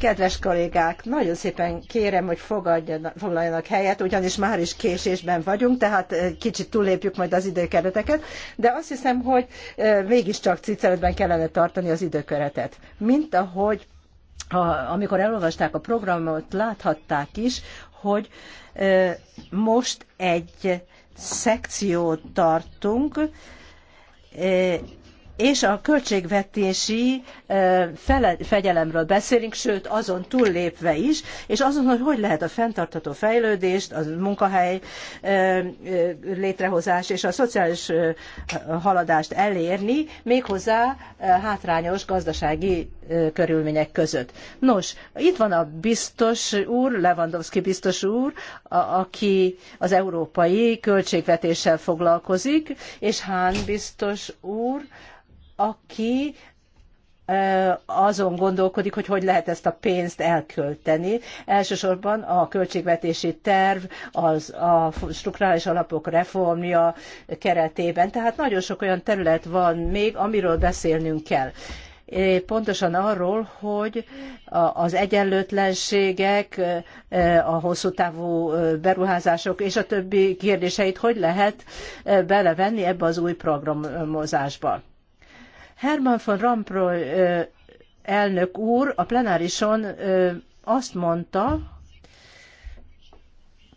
Kedves kollégák, nagyon szépen kérem, hogy foglaljanak helyet, ugyanis már is késésben vagyunk, tehát eh, kicsit túllépjük majd az időkereteket, de azt hiszem, hogy eh, mégiscsak ciceletben kellene tartani az időkeretet. Mint ahogy a, amikor elolvasták a programot, láthatták is, hogy eh, most egy szekciót tartunk, és a költségvetési fele, fegyelemről beszélünk, sőt azon túllépve is, és azon, hogy hogy lehet a fenntartható fejlődést, a munkahely létrehozás és a szociális haladást elérni, méghozzá hátrányos gazdasági körülmények között. Nos, itt van a biztos úr, Lewandowski biztos úr, aki az európai költségvetéssel foglalkozik, és Hán biztos úr, aki azon gondolkodik, hogy hogy lehet ezt a pénzt elkölteni. Elsősorban a költségvetési terv, az a strukturális alapok reformja keretében. Tehát nagyon sok olyan terület van még, amiről beszélnünk kell pontosan arról, hogy az egyenlőtlenségek, a hosszú távú beruházások és a többi kérdéseit hogy lehet belevenni ebbe az új programozásba. Herman von Rompuy elnök úr a plenárison azt mondta,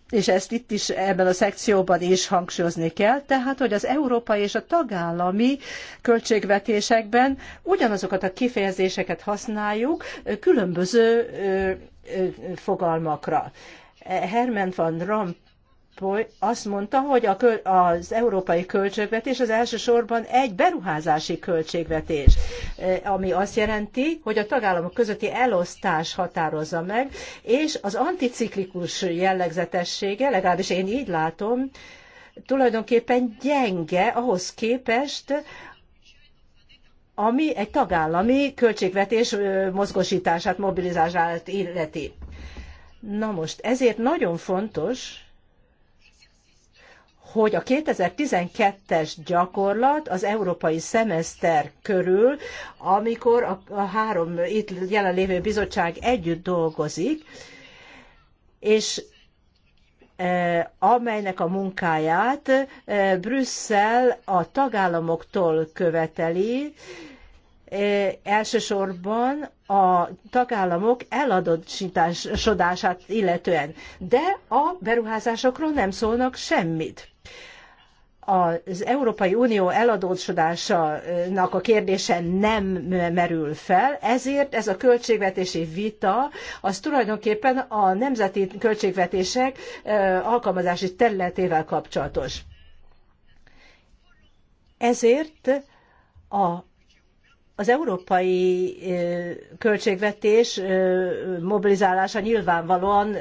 és ezt itt is ebben a szekcióban is hangsúlyozni kell, tehát, hogy az európai és a tagállami költségvetésekben ugyanazokat a kifejezéseket használjuk különböző fogalmakra. Herman van Rompuy azt mondta, hogy a, az európai költségvetés az elsősorban egy beruházási költségvetés, eh, ami azt jelenti, hogy a tagállamok közötti elosztás határozza meg, és az anticiklikus jellegzetessége, legalábbis én így látom, tulajdonképpen gyenge ahhoz képest, ami egy tagállami költségvetés mozgósítását, mobilizását illeti. Na most, ezért nagyon fontos, hogy a 2012-es gyakorlat az európai szemeszter körül, amikor a, három itt jelenlévő bizottság együtt dolgozik, és e, amelynek a munkáját e, Brüsszel a tagállamoktól követeli, e, elsősorban a tagállamok eladósodását illetően. De a beruházásokról nem szólnak semmit az Európai Unió eladósodásának a kérdése nem merül fel, ezért ez a költségvetési vita az tulajdonképpen a nemzeti költségvetések alkalmazási területével kapcsolatos. Ezért a az európai költségvetés mobilizálása nyilvánvalóan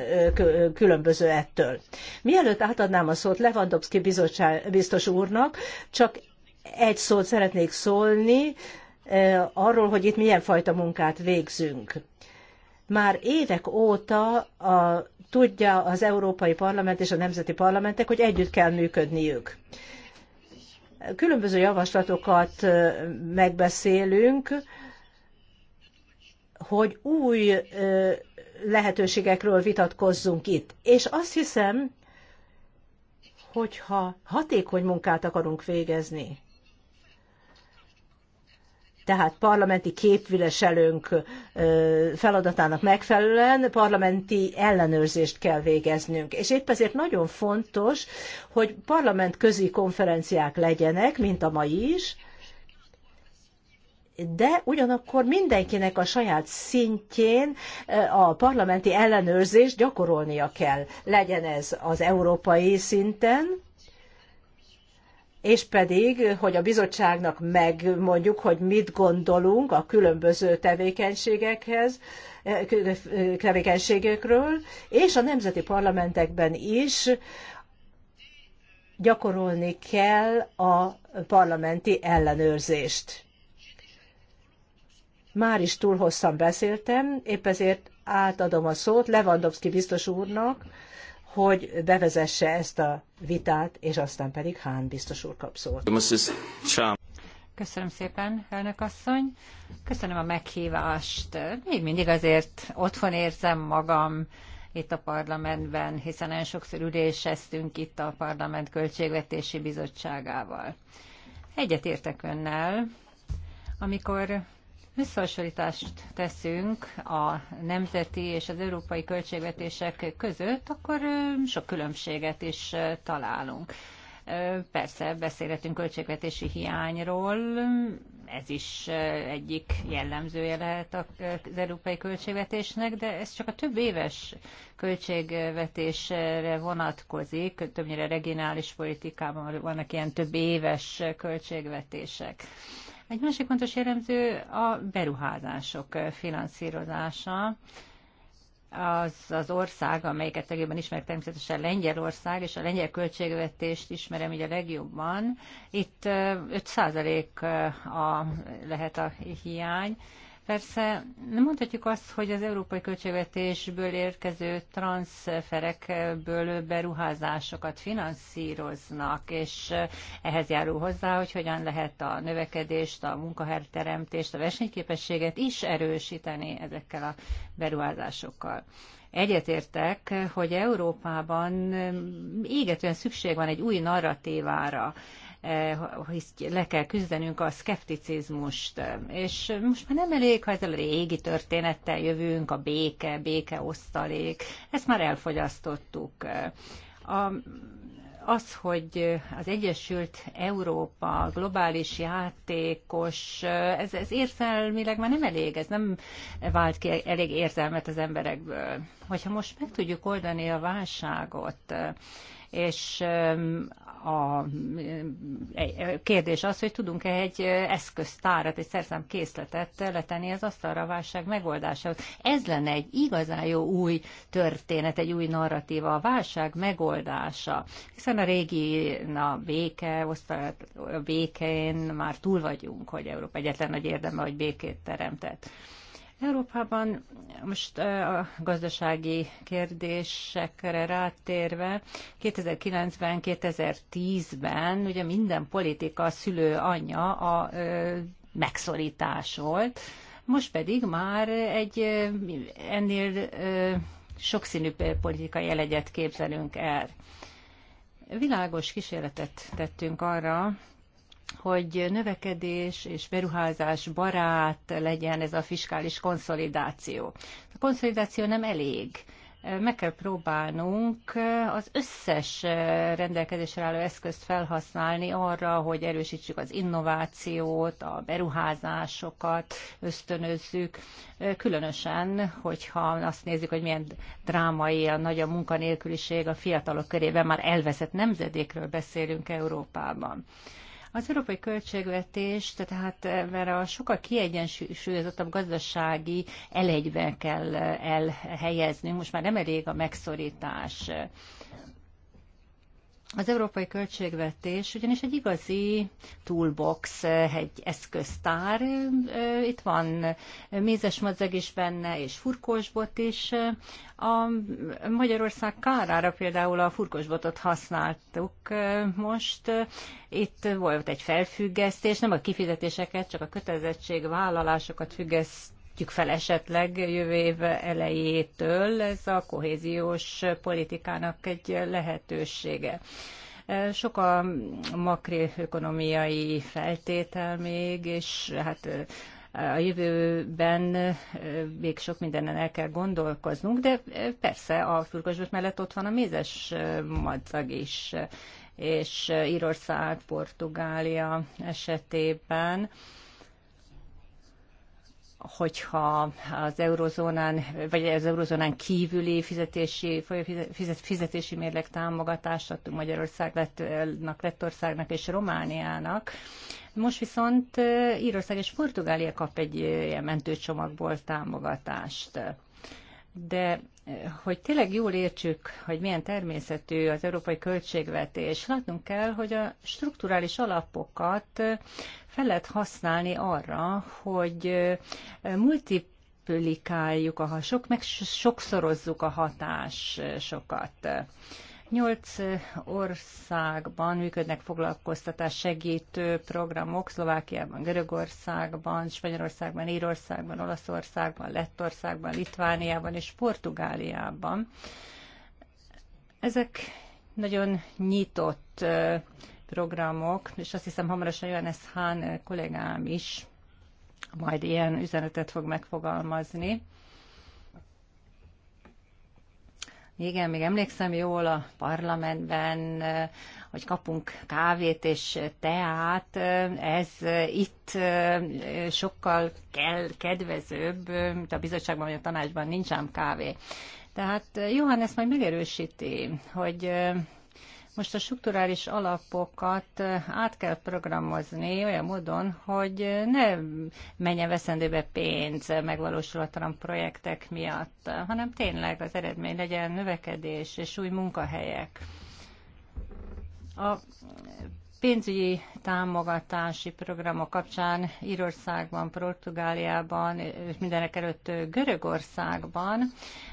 különböző ettől. Mielőtt átadnám a szót Lewandowski bizottság, biztos úrnak, csak egy szót szeretnék szólni arról, hogy itt milyen fajta munkát végzünk. Már évek óta a, tudja az Európai Parlament és a nemzeti parlamentek, hogy együtt kell működniük különböző javaslatokat megbeszélünk, hogy új lehetőségekről vitatkozzunk itt. És azt hiszem, hogyha hatékony munkát akarunk végezni, tehát parlamenti képviselőnk feladatának megfelelően parlamenti ellenőrzést kell végeznünk. És épp ezért nagyon fontos, hogy parlament közi konferenciák legyenek, mint a mai is, de ugyanakkor mindenkinek a saját szintjén a parlamenti ellenőrzést gyakorolnia kell. Legyen ez az európai szinten, és pedig, hogy a bizottságnak megmondjuk, hogy mit gondolunk a különböző tevékenységekhez, tevékenységekről, és a nemzeti parlamentekben is gyakorolni kell a parlamenti ellenőrzést. Már is túl hosszan beszéltem, épp ezért átadom a szót Lewandowski biztos úrnak, hogy bevezesse ezt a vitát, és aztán pedig Hán biztos úr kap szót. Köszönöm szépen, elnök asszony. Köszönöm a meghívást. Még mindig azért otthon érzem magam itt a parlamentben, hiszen nagyon sokszor üléseztünk itt a parlament költségvetési bizottságával. Egyet értek önnel, amikor összehasonlítást teszünk a nemzeti és az európai költségvetések között, akkor sok különbséget is találunk. Persze beszélhetünk költségvetési hiányról, ez is egyik jellemzője lehet az európai költségvetésnek, de ez csak a több éves költségvetésre vonatkozik, többnyire regionális politikában vannak ilyen több éves költségvetések. Egy másik fontos jellemző a beruházások finanszírozása az az ország, amelyiket legjobban ismerek természetesen Lengyelország, és a lengyel költségvetést ismerem ugye legjobban. Itt 5% a, lehet a hiány, Persze nem mondhatjuk azt, hogy az európai költségvetésből érkező transferekből beruházásokat finanszíroznak, és ehhez járul hozzá, hogy hogyan lehet a növekedést, a munkahelyteremtést, a versenyképességet is erősíteni ezekkel a beruházásokkal. Egyetértek, hogy Európában égetően szükség van egy új narratívára hogy eh, le kell küzdenünk a szkepticizmust, és most már nem elég, ha ezzel a régi történettel jövünk, a béke, béke osztalék, ezt már elfogyasztottuk. A, az, hogy az Egyesült Európa globális játékos, ez, ez érzelmileg már nem elég, ez nem vált ki elég érzelmet az emberekből. Hogyha most meg tudjuk oldani a válságot, és a kérdés az, hogy tudunk-e egy eszköztárat, egy szerszám készletet letenni az asztalra a válság megoldásához. Ez lenne egy igazán jó új történet, egy új narratíva, a válság megoldása. Hiszen a régi a béke, a békén már túl vagyunk, hogy Európa egyetlen nagy érdeme, hogy békét teremtett. Európában most a gazdasági kérdésekre rátérve, 2009-ben, 2010-ben ugye minden politika szülő anyja a megszorítás volt, most pedig már egy ennél sokszínűbb politikai elegyet képzelünk el. Világos kísérletet tettünk arra, hogy növekedés és beruházás barát legyen ez a fiskális konszolidáció. A konszolidáció nem elég. Meg kell próbálnunk az összes rendelkezésre álló eszközt felhasználni arra, hogy erősítsük az innovációt, a beruházásokat, ösztönözzük. Különösen, hogyha azt nézzük, hogy milyen drámai a nagy a munkanélküliség a fiatalok körében, már elveszett nemzedékről beszélünk Európában. Az európai költségvetés, tehát eh, mert a sokkal kiegyensúlyozottabb gazdasági elegyben kell eh, elhelyezni, most már nem elég a megszorítás. Az európai költségvetés ugyanis egy igazi toolbox, eh, egy eszköztár. Eh, itt van mézes madzeg is benne, és furkósbot is. Eh, a Magyarország kárára például a furkósbotot használtuk most. Itt volt egy felfüggesztés, nem a kifizetéseket, csak a kötelezettségvállalásokat függeszt vetjük fel esetleg jövő év elejétől, ez a kohéziós politikának egy lehetősége. Sok a makroökonomiai feltétel még, és hát a jövőben még sok mindenen el kell gondolkoznunk, de persze a fürkösböt mellett ott van a mézes madzag is, és Írország, Portugália esetében hogyha az eurozónán, vagy az eurozónán kívüli fizetési, fizet fizetési mérleg támogatást adtunk Magyarország, Lettországnak, Lettországnak és Romániának. Most viszont Írország és Portugália kap egy ilyen mentőcsomagból támogatást. De hogy tényleg jól értsük, hogy milyen természetű az európai költségvetés, látnunk kell, hogy a strukturális alapokat fel lehet használni arra, hogy multi multiplikáljuk a sok, meg sokszorozzuk a hatásokat. Nyolc országban működnek foglalkoztatás segítő programok, Szlovákiában, Görögországban, Spanyolországban, Írországban, Olaszországban, Lettországban, Litvániában és Portugáliában. Ezek nagyon nyitott programok, és azt hiszem hamarosan ez hán kollégám is majd ilyen üzenetet fog megfogalmazni. Igen, még emlékszem jól a parlamentben, hogy kapunk kávét és teát, ez itt sokkal kell, kedvezőbb, mint a bizottságban vagy a tanácsban nincs ám kávé. Tehát Johannes majd megerősíti, hogy most a strukturális alapokat eh, át kell programozni olyan módon, hogy ne menjen veszendőbe pénz megvalósulatlan projektek miatt, hanem tényleg az eredmény legyen növekedés és új munkahelyek. A pénzügyi támogatási programok kapcsán Írországban, Portugáliában és mindenek előtt Görögországban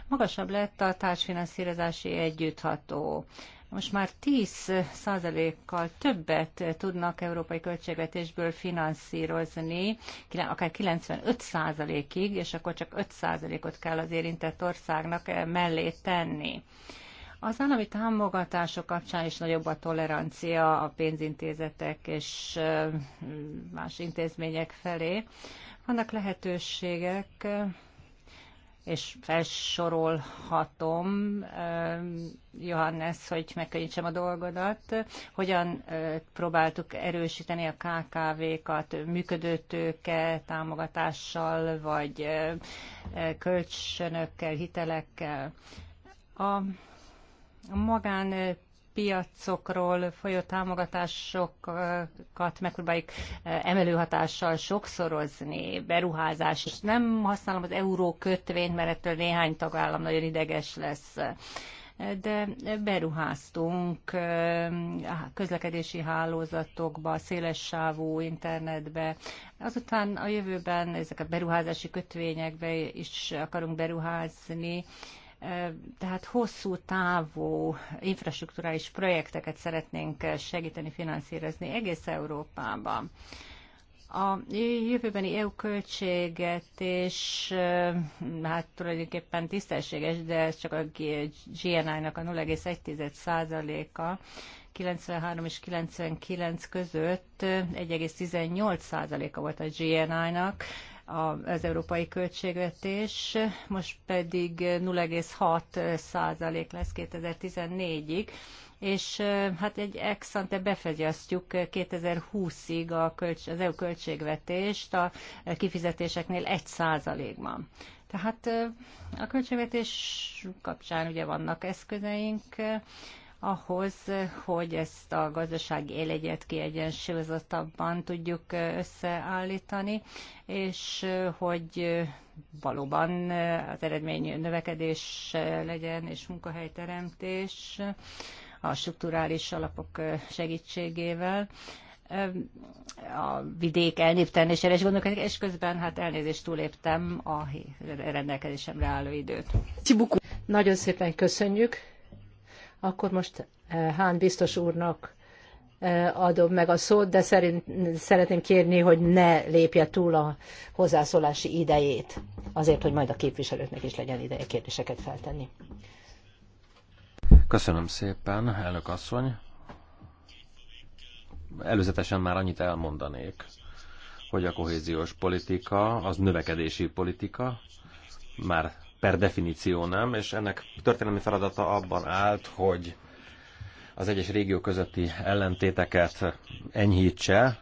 magasabb lett a társfinanszírozási együttható most már 10%-kal többet tudnak európai költségvetésből finanszírozni, akár 95%-ig, és akkor csak 5%-ot kell az érintett országnak eh, mellé tenni. Az állami támogatások kapcsán is nagyobb a tolerancia a pénzintézetek és eh, más intézmények felé. Vannak lehetőségek eh, és felsorolhatom, eh, Johannes, hogy megkönnyítsem a dolgodat, hogyan eh, próbáltuk erősíteni a KKV-kat működőtőke támogatással, vagy eh, kölcsönökkel, hitelekkel. A magán piacokról folyó támogatásokat megpróbáljuk e, emelő hatással sokszorozni, beruházás. Nem használom az euró kötvényt, mert ettől néhány tagállam nagyon ideges lesz de beruháztunk e, közlekedési hálózatokba, szélessávú internetbe. Azután a jövőben ezek a beruházási kötvényekbe is akarunk beruházni, tehát hosszú távú infrastruktúrális projekteket szeretnénk segíteni finanszírozni egész Európában. A jövőbeni EU költséget, és hát tulajdonképpen tisztességes, de ez csak a GNI-nak a 0,1%-a, 93 és 99 között 1,18%-a volt a GNI-nak, az európai költségvetés, most pedig 0,6 százalék lesz 2014-ig, és hát egy ex ante befegyasztjuk 2020-ig a költs- az EU költségvetést a kifizetéseknél 1 százalékban. Tehát a költségvetés kapcsán ugye vannak eszközeink, ahhoz, hogy ezt a gazdasági élegyet kiegyensúlyozottabban tudjuk összeállítani, és hogy valóban az eredmény növekedés legyen, és munkahelyteremtés a strukturális alapok segítségével a vidék elnéptelnésére is gondolkodik, és közben hát elnézést túléptem a rendelkezésemre álló időt. Nagyon szépen köszönjük. Akkor most eh, Hán biztos úrnak eh, adom meg a szót, de szerint, szeretném kérni, hogy ne lépje túl a hozzászólási idejét, azért, hogy majd a képviselőknek is legyen ideje kérdéseket feltenni. Köszönöm szépen, elnök asszony. Előzetesen már annyit elmondanék, hogy a kohéziós politika az növekedési politika, már per definíció nem, és ennek történelmi feladata abban állt, hogy az egyes régió közötti ellentéteket enyhítse,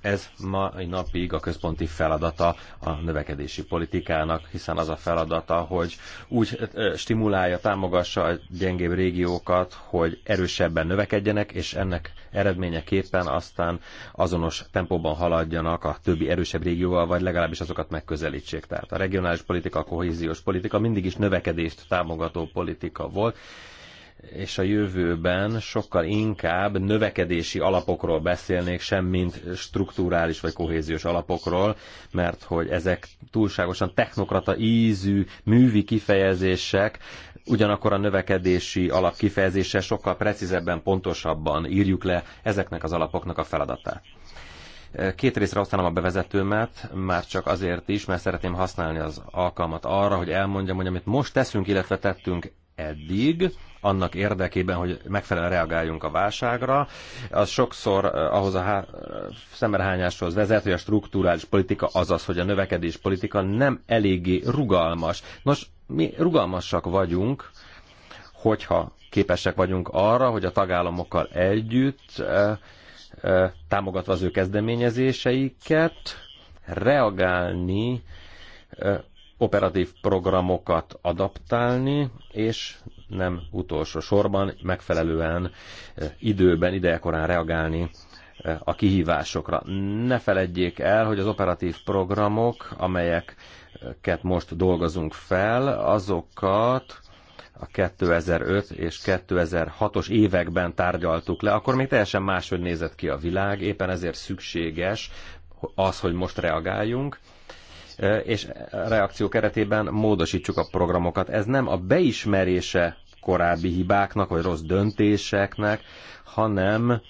ez mai napig a központi feladata a növekedési politikának, hiszen az a feladata, hogy úgy stimulálja, támogassa a gyengébb régiókat, hogy erősebben növekedjenek, és ennek eredményeképpen aztán azonos tempóban haladjanak a többi erősebb régióval, vagy legalábbis azokat megközelítsék. Tehát a regionális politika, a kohéziós politika mindig is növekedést támogató politika volt, és a jövőben sokkal inkább növekedési alapokról beszélnék, sem mint strukturális vagy kohéziós alapokról, mert hogy ezek túlságosan technokrata ízű, művi kifejezések, ugyanakkor a növekedési alap kifejezése sokkal precízebben, pontosabban írjuk le ezeknek az alapoknak a feladatát. Két részre osztanom a bevezetőmet, már csak azért is, mert szeretném használni az alkalmat arra, hogy elmondjam, hogy amit most teszünk, illetve tettünk eddig, annak érdekében, hogy megfelelően reagáljunk a válságra. Az sokszor eh, ahhoz a szemerhányáshoz szemrehányáshoz vezet, hogy a struktúrális politika azaz, hogy a növekedés politika nem eléggé rugalmas. Nos, mi rugalmasak vagyunk, hogyha képesek vagyunk arra, hogy a tagállamokkal együtt eh, eh, támogatva az ő kezdeményezéseiket, reagálni, operatív programokat adaptálni, és nem utolsó sorban megfelelően eh, időben, idejekorán reagálni eh, a kihívásokra. Ne feledjék el, hogy az operatív programok, amelyeket most dolgozunk fel, azokat a 2005 és 2006-os években tárgyaltuk le, akkor még teljesen máshogy nézett ki a világ, éppen ezért szükséges az, hogy most reagáljunk, és reakció keretében módosítsuk a programokat. Ez nem a beismerése korábbi hibáknak, vagy rossz döntéseknek, hanem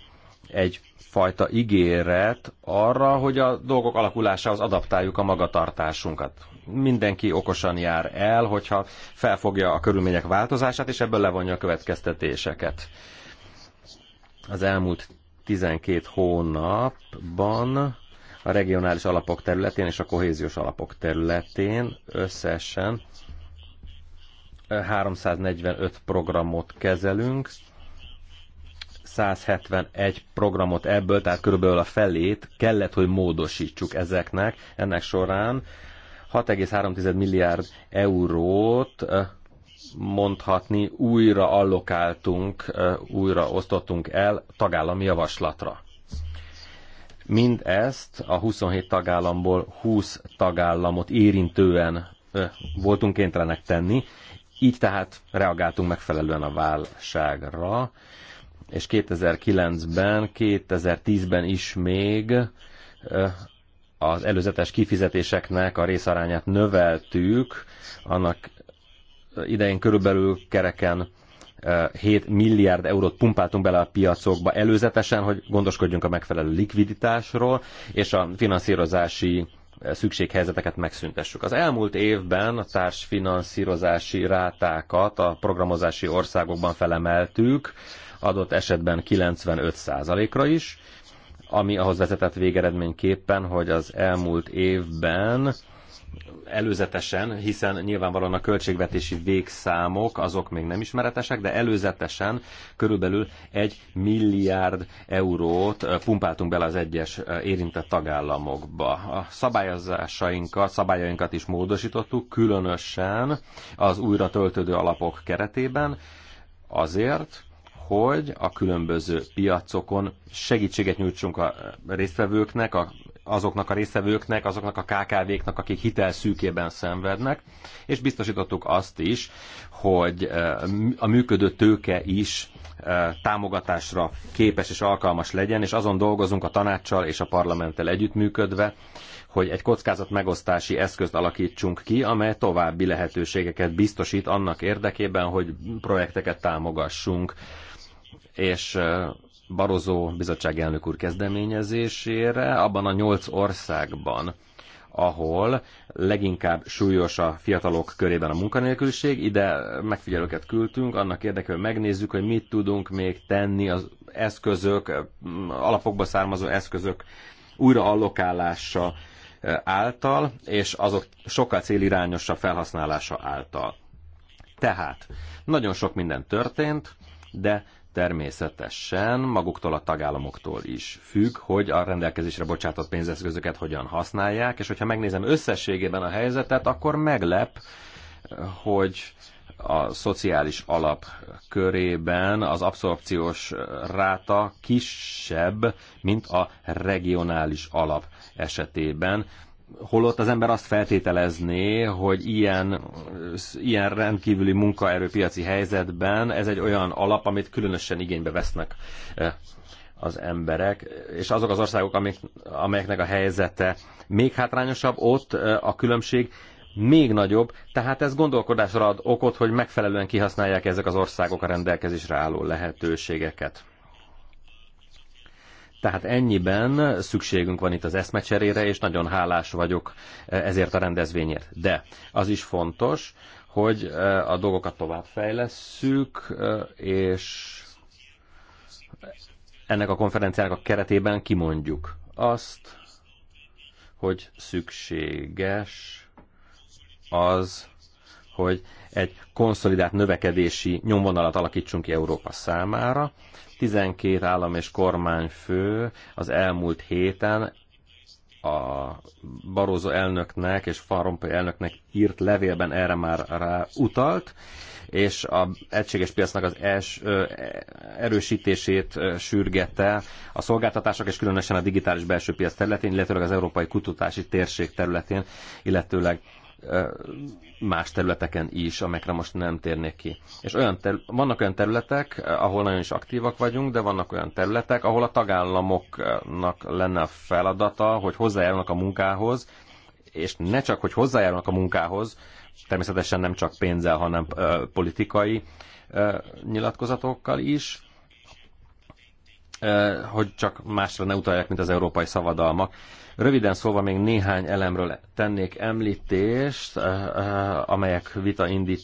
egy fajta ígéret arra, hogy a dolgok alakulásához adaptáljuk a magatartásunkat. Mindenki okosan jár el, hogyha felfogja a körülmények változását, és ebből levonja a következtetéseket. Az elmúlt 12 hónapban a regionális alapok területén és a kohéziós alapok területén összesen 345 programot kezelünk, 171 programot ebből, tehát körülbelül a felét kellett, hogy módosítsuk ezeknek. Ennek során 6,3 milliárd eurót mondhatni újra allokáltunk, újra osztottunk el tagállami javaslatra. Mindezt a 27 tagállamból 20 tagállamot érintően voltunk kénytelenek tenni, így tehát reagáltunk megfelelően a válságra, és 2009-ben, 2010-ben is még az előzetes kifizetéseknek a részarányát növeltük, annak idején körülbelül kereken 7 milliárd eurót pumpáltunk bele a piacokba előzetesen, hogy gondoskodjunk a megfelelő likviditásról, és a finanszírozási eh, szükséghelyzeteket megszüntessük. Az elmúlt évben a társfinanszírozási rátákat a programozási országokban felemeltük, adott esetben 95%-ra is, ami ahhoz vezetett végeredményképpen, hogy az elmúlt évben előzetesen, hiszen nyilvánvalóan a költségvetési végszámok azok még nem ismeretesek, de előzetesen körülbelül egy milliárd eurót eh, pumpáltunk bele az egyes eh, érintett tagállamokba. A szabályozásainkat, szabályainkat is módosítottuk, különösen az újra töltődő alapok keretében, azért, hogy a különböző piacokon segítséget nyújtsunk a eh, résztvevőknek, a azoknak a résztvevőknek, azoknak a KKV-knak, akik hitel szűkében szenvednek, és biztosítottuk azt is, hogy eh, a működő tőke is eh, támogatásra képes és alkalmas legyen, és azon dolgozunk a tanácssal és a parlamenttel együttműködve, hogy egy kockázat megosztási eszközt alakítsunk ki, amely további lehetőségeket biztosít annak érdekében, hogy projekteket támogassunk. És eh, Barozó bizottság elnök úr kezdeményezésére abban a nyolc országban, ahol leginkább súlyos a fiatalok körében a munkanélküliség. Ide megfigyelőket küldtünk, annak érdekében megnézzük, hogy mit tudunk még tenni az eszközök, alapokba származó eszközök újraallokálása által, és azok sokkal célirányosabb felhasználása által. Tehát nagyon sok minden történt, de természetesen maguktól a tagállamoktól is függ, hogy a rendelkezésre bocsátott pénzeszközöket hogyan használják, és hogyha megnézem összességében a helyzetet, akkor meglep, hogy a szociális alap körében az abszorpciós ráta kisebb, mint a regionális alap esetében holott az ember azt feltételezné, hogy ilyen, ilyen rendkívüli munkaerőpiaci helyzetben ez egy olyan alap, amit különösen igénybe vesznek eh, az emberek, és azok az országok, amik, amelyeknek a helyzete még hátrányosabb, ott eh, a különbség még nagyobb, tehát ez gondolkodásra ad okot, hogy megfelelően kihasználják ezek az országok a rendelkezésre álló lehetőségeket. Tehát ennyiben szükségünk van itt az eszmecserére, és nagyon hálás vagyok e, ezért a rendezvényért. De az is fontos, hogy e, a dolgokat továbbfejlesszük, e, és ennek a konferenciának a keretében kimondjuk azt, hogy szükséges az, hogy egy konszolidált növekedési nyomvonalat alakítsunk ki Európa számára. 12 állam és kormányfő az elmúlt héten a Barózó elnöknek és Farompa elnöknek írt levélben erre már rá utalt, és a egységes piacnak az els, ö, erősítését ö, sürgette a szolgáltatások, és különösen a digitális belső piac területén, illetőleg az európai kutatási térség területén, illetőleg más területeken is, amekre most nem térnék ki. És olyan ter- vannak olyan területek, eh, ahol nagyon is aktívak vagyunk, de vannak olyan területek, ahol a tagállamoknak lenne a feladata, hogy hozzájárulnak a munkához, és ne csak, hogy hozzájárulnak a munkához, természetesen nem csak pénzzel, hanem ö, politikai ö, nyilatkozatokkal is, ö, hogy csak másra ne utalják, mint az európai szavadalmak. Röviden szólva még néhány elemről tennék említést, eh, eh, amelyek vita indít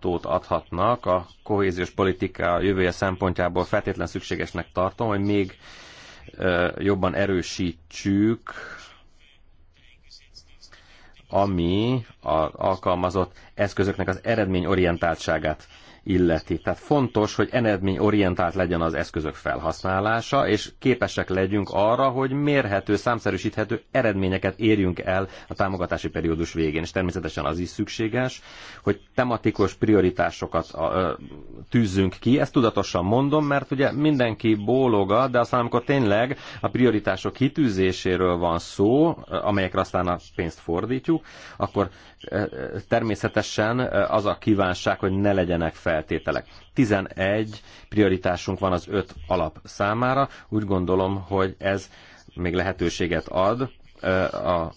tót adhatnak. A kohéziós politika jövője szempontjából feltétlen szükségesnek tartom, hogy még eh, jobban erősítsük ami a alkalmazott eszközöknek az eredményorientáltságát illeti. Tehát fontos, hogy eredményorientált legyen az eszközök felhasználása, és képesek legyünk arra, hogy mérhető, számszerűsíthető eredményeket érjünk el a támogatási periódus végén. És természetesen az is szükséges, hogy tematikus prioritásokat tűzzünk ki. Ezt tudatosan mondom, mert ugye mindenki bóloga, de aztán amikor tényleg a prioritások kitűzéséről van szó, amelyekre aztán a pénzt fordítjuk, akkor természetesen az a kívánság, hogy ne legyenek fel feltételek. 11 prioritásunk van az 5 alap számára. Úgy gondolom, hogy ez még lehetőséget ad a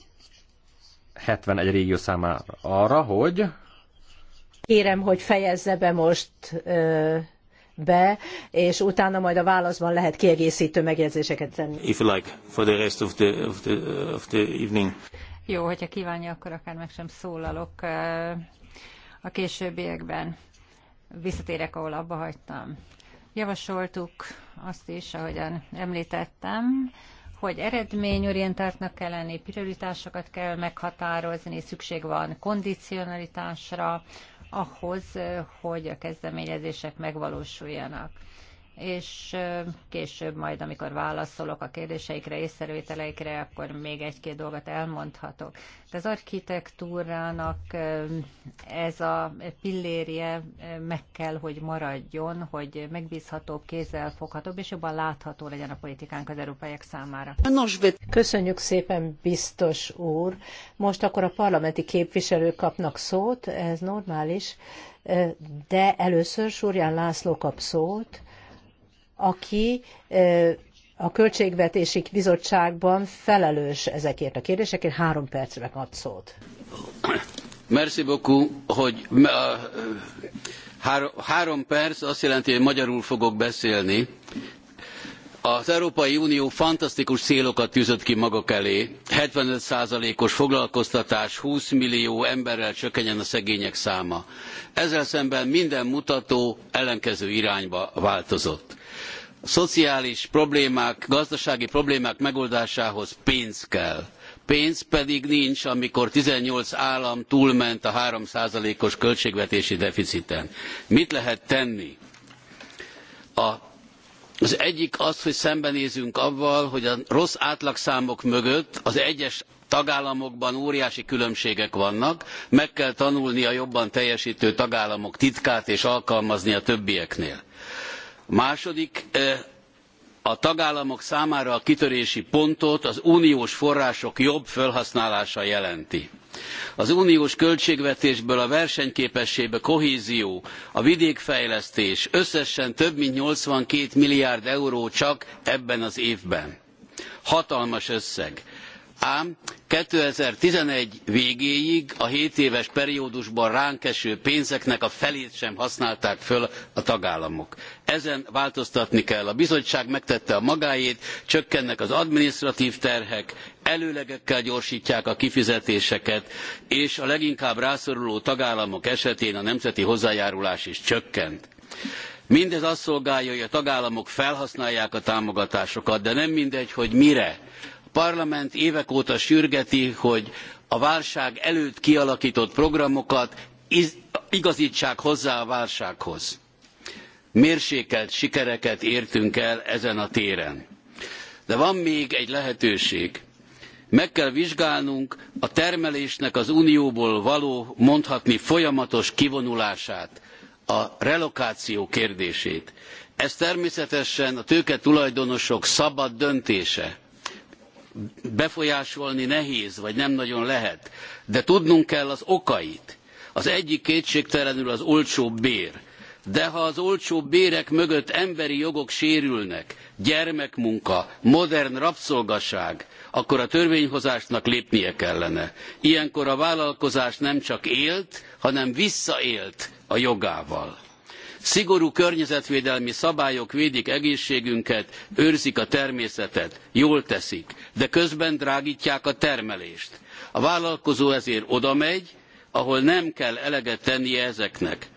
71 régió számára arra, hogy... Kérem, hogy fejezze be most be, és utána majd a válaszban lehet kiegészítő megjegyzéseket tenni. If you like, for the rest of the, of the, of the evening. Jó, hogyha kívánja, akkor akár meg sem szólalok a későbbiekben visszatérek, ahol abba hagytam. Javasoltuk azt is, ahogyan említettem, hogy eredményorientáltnak kell lenni, prioritásokat kell meghatározni, szükség van kondicionalitásra, ahhoz, hogy a kezdeményezések megvalósuljanak és később majd, amikor válaszolok a kérdéseikre, észrevételeikre, akkor még egy-két dolgot elmondhatok. De az architektúrának ez a pillérje meg kell, hogy maradjon, hogy megbízhatóbb, foghatóbb, és jobban látható legyen a politikánk az európaiak számára. Köszönjük szépen, biztos úr. Most akkor a parlamenti képviselők kapnak szót, ez normális, de először Súrján László kap szót, aki a Költségvetési Bizottságban felelős ezekért a kérdésekért. Három percre kap szót. Merci beaucoup, hogy három perc azt jelenti, hogy magyarul fogok beszélni. Az Európai Unió fantasztikus célokat tűzött ki magak elé. 75%-os foglalkoztatás, 20 millió emberrel csökkenjen a szegények száma. Ezzel szemben minden mutató ellenkező irányba változott szociális problémák, gazdasági problémák megoldásához pénz kell. Pénz pedig nincs, amikor 18 állam túlment a 3%-os költségvetési deficiten. Mit lehet tenni? az egyik az, hogy szembenézünk azzal, hogy a rossz átlagszámok mögött az egyes tagállamokban óriási különbségek vannak, meg kell tanulni a jobban teljesítő tagállamok titkát és alkalmazni a többieknél második, a tagállamok számára a kitörési pontot az uniós források jobb felhasználása jelenti. Az uniós költségvetésből a versenyképességbe kohézió, a vidékfejlesztés összesen több mint 82 milliárd euró csak ebben az évben. Hatalmas összeg ám two thousand and eleven végéig a hétéves periódusban ránk eső pénzeknek a felét sem használták föl a tagállamok. ezen változtatni kell. a bizottság megtette a magáét csökkennek az adminisztratv terhek előlegekkel gyorstják a kifizetéseket és a leginkább rászoruló tagállamok esetén a nemzeti hozzájárulás is csökkent. mindez azt szolgálja hogy a tagállamok felhasználják a támogatásokat de nem mindegy hogy mire parlament évek óta sürgeti, hogy a válság előtt kialakított programokat igaztsák hozzá a válsághoz. Mérsékelt sikereket értünk el ezen a téren. De van még egy lehetőség. Meg kell vizsgálnunk a termelésnek az unióból való, mondhatni folyamatos kivonulását, a relokáció kérdését. Ez természetesen a tőketulajdonosok szabad döntése befolyásolni nehéz, vagy nem nagyon lehet, de tudnunk kell az okait. Az egyik kétségtelenül az olcsó bér. De ha az olcsó bérek mögött emberi jogok sérülnek, gyermekmunka, modern rabszolgaság, akkor a törvényhozásnak lépnie kellene. Ilyenkor a vállalkozás nem csak élt, hanem visszaélt a jogával. Szigorú környezetvédelmi szabályok védik egészségünket, őrzik a természetet, jól teszik, de közben drágtják a termelést. A vállalkozó ezért odamegy, ahol nem kell eleget tennie ezeknek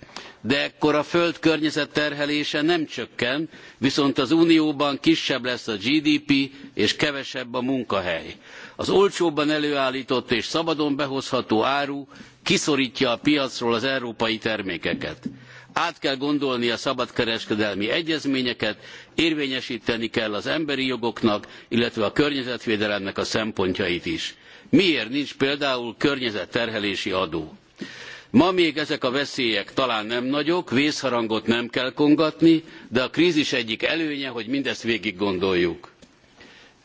de ekkor a föld környezetterhelése nem csökken, viszont az Unióban kisebb lesz a GDP és kevesebb a munkahely. Az olcsóbban előállított és szabadon behozható áru kiszortja a piacról az európai termékeket át kell gondolni a szabadkereskedelmi egyezményeket, érvényesíteni kell az emberi jogoknak, illetve a környezetvédelemnek a szempontjait is. Miért nincs például környezetterhelési adó? Ma még ezek a veszélyek talán nem nagyok, vészharangot nem kell kongatni, de a krízis egyik előnye, hogy mindezt végig gondoljuk.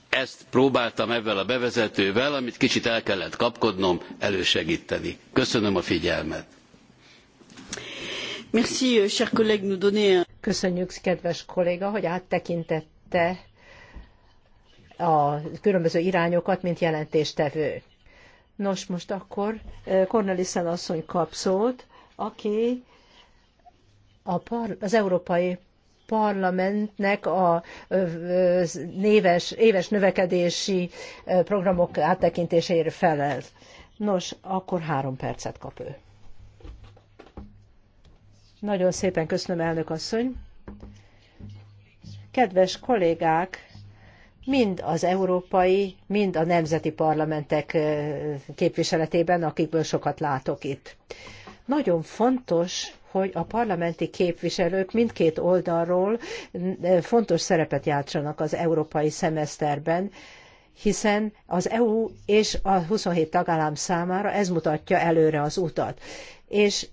Ezt próbáltam ezzel a bevezetővel, amit kicsit el kellett kapkodnom, elősegíteni. Köszönöm a figyelmet. Euh, Köszönjük, kedves kolléga, hogy áttekintette a különböző irányokat, mint jelentéstevő. Nos, most akkor Cornelissen asszony kap szót, aki a par, az Európai Parlamentnek a néves, éves növekedési programok áttekintéséért felel. Nos, akkor három percet kap ő. Nagyon szépen köszönöm, elnök asszony. Kedves kollégák, mind az európai, mind a nemzeti parlamentek képviseletében, akikből sokat látok itt. Nagyon fontos, hogy a parlamenti képviselők mindkét oldalról fontos szerepet játszanak az európai szemeszterben, hiszen az EU és a 27 tagállam számára ez mutatja előre az utat. És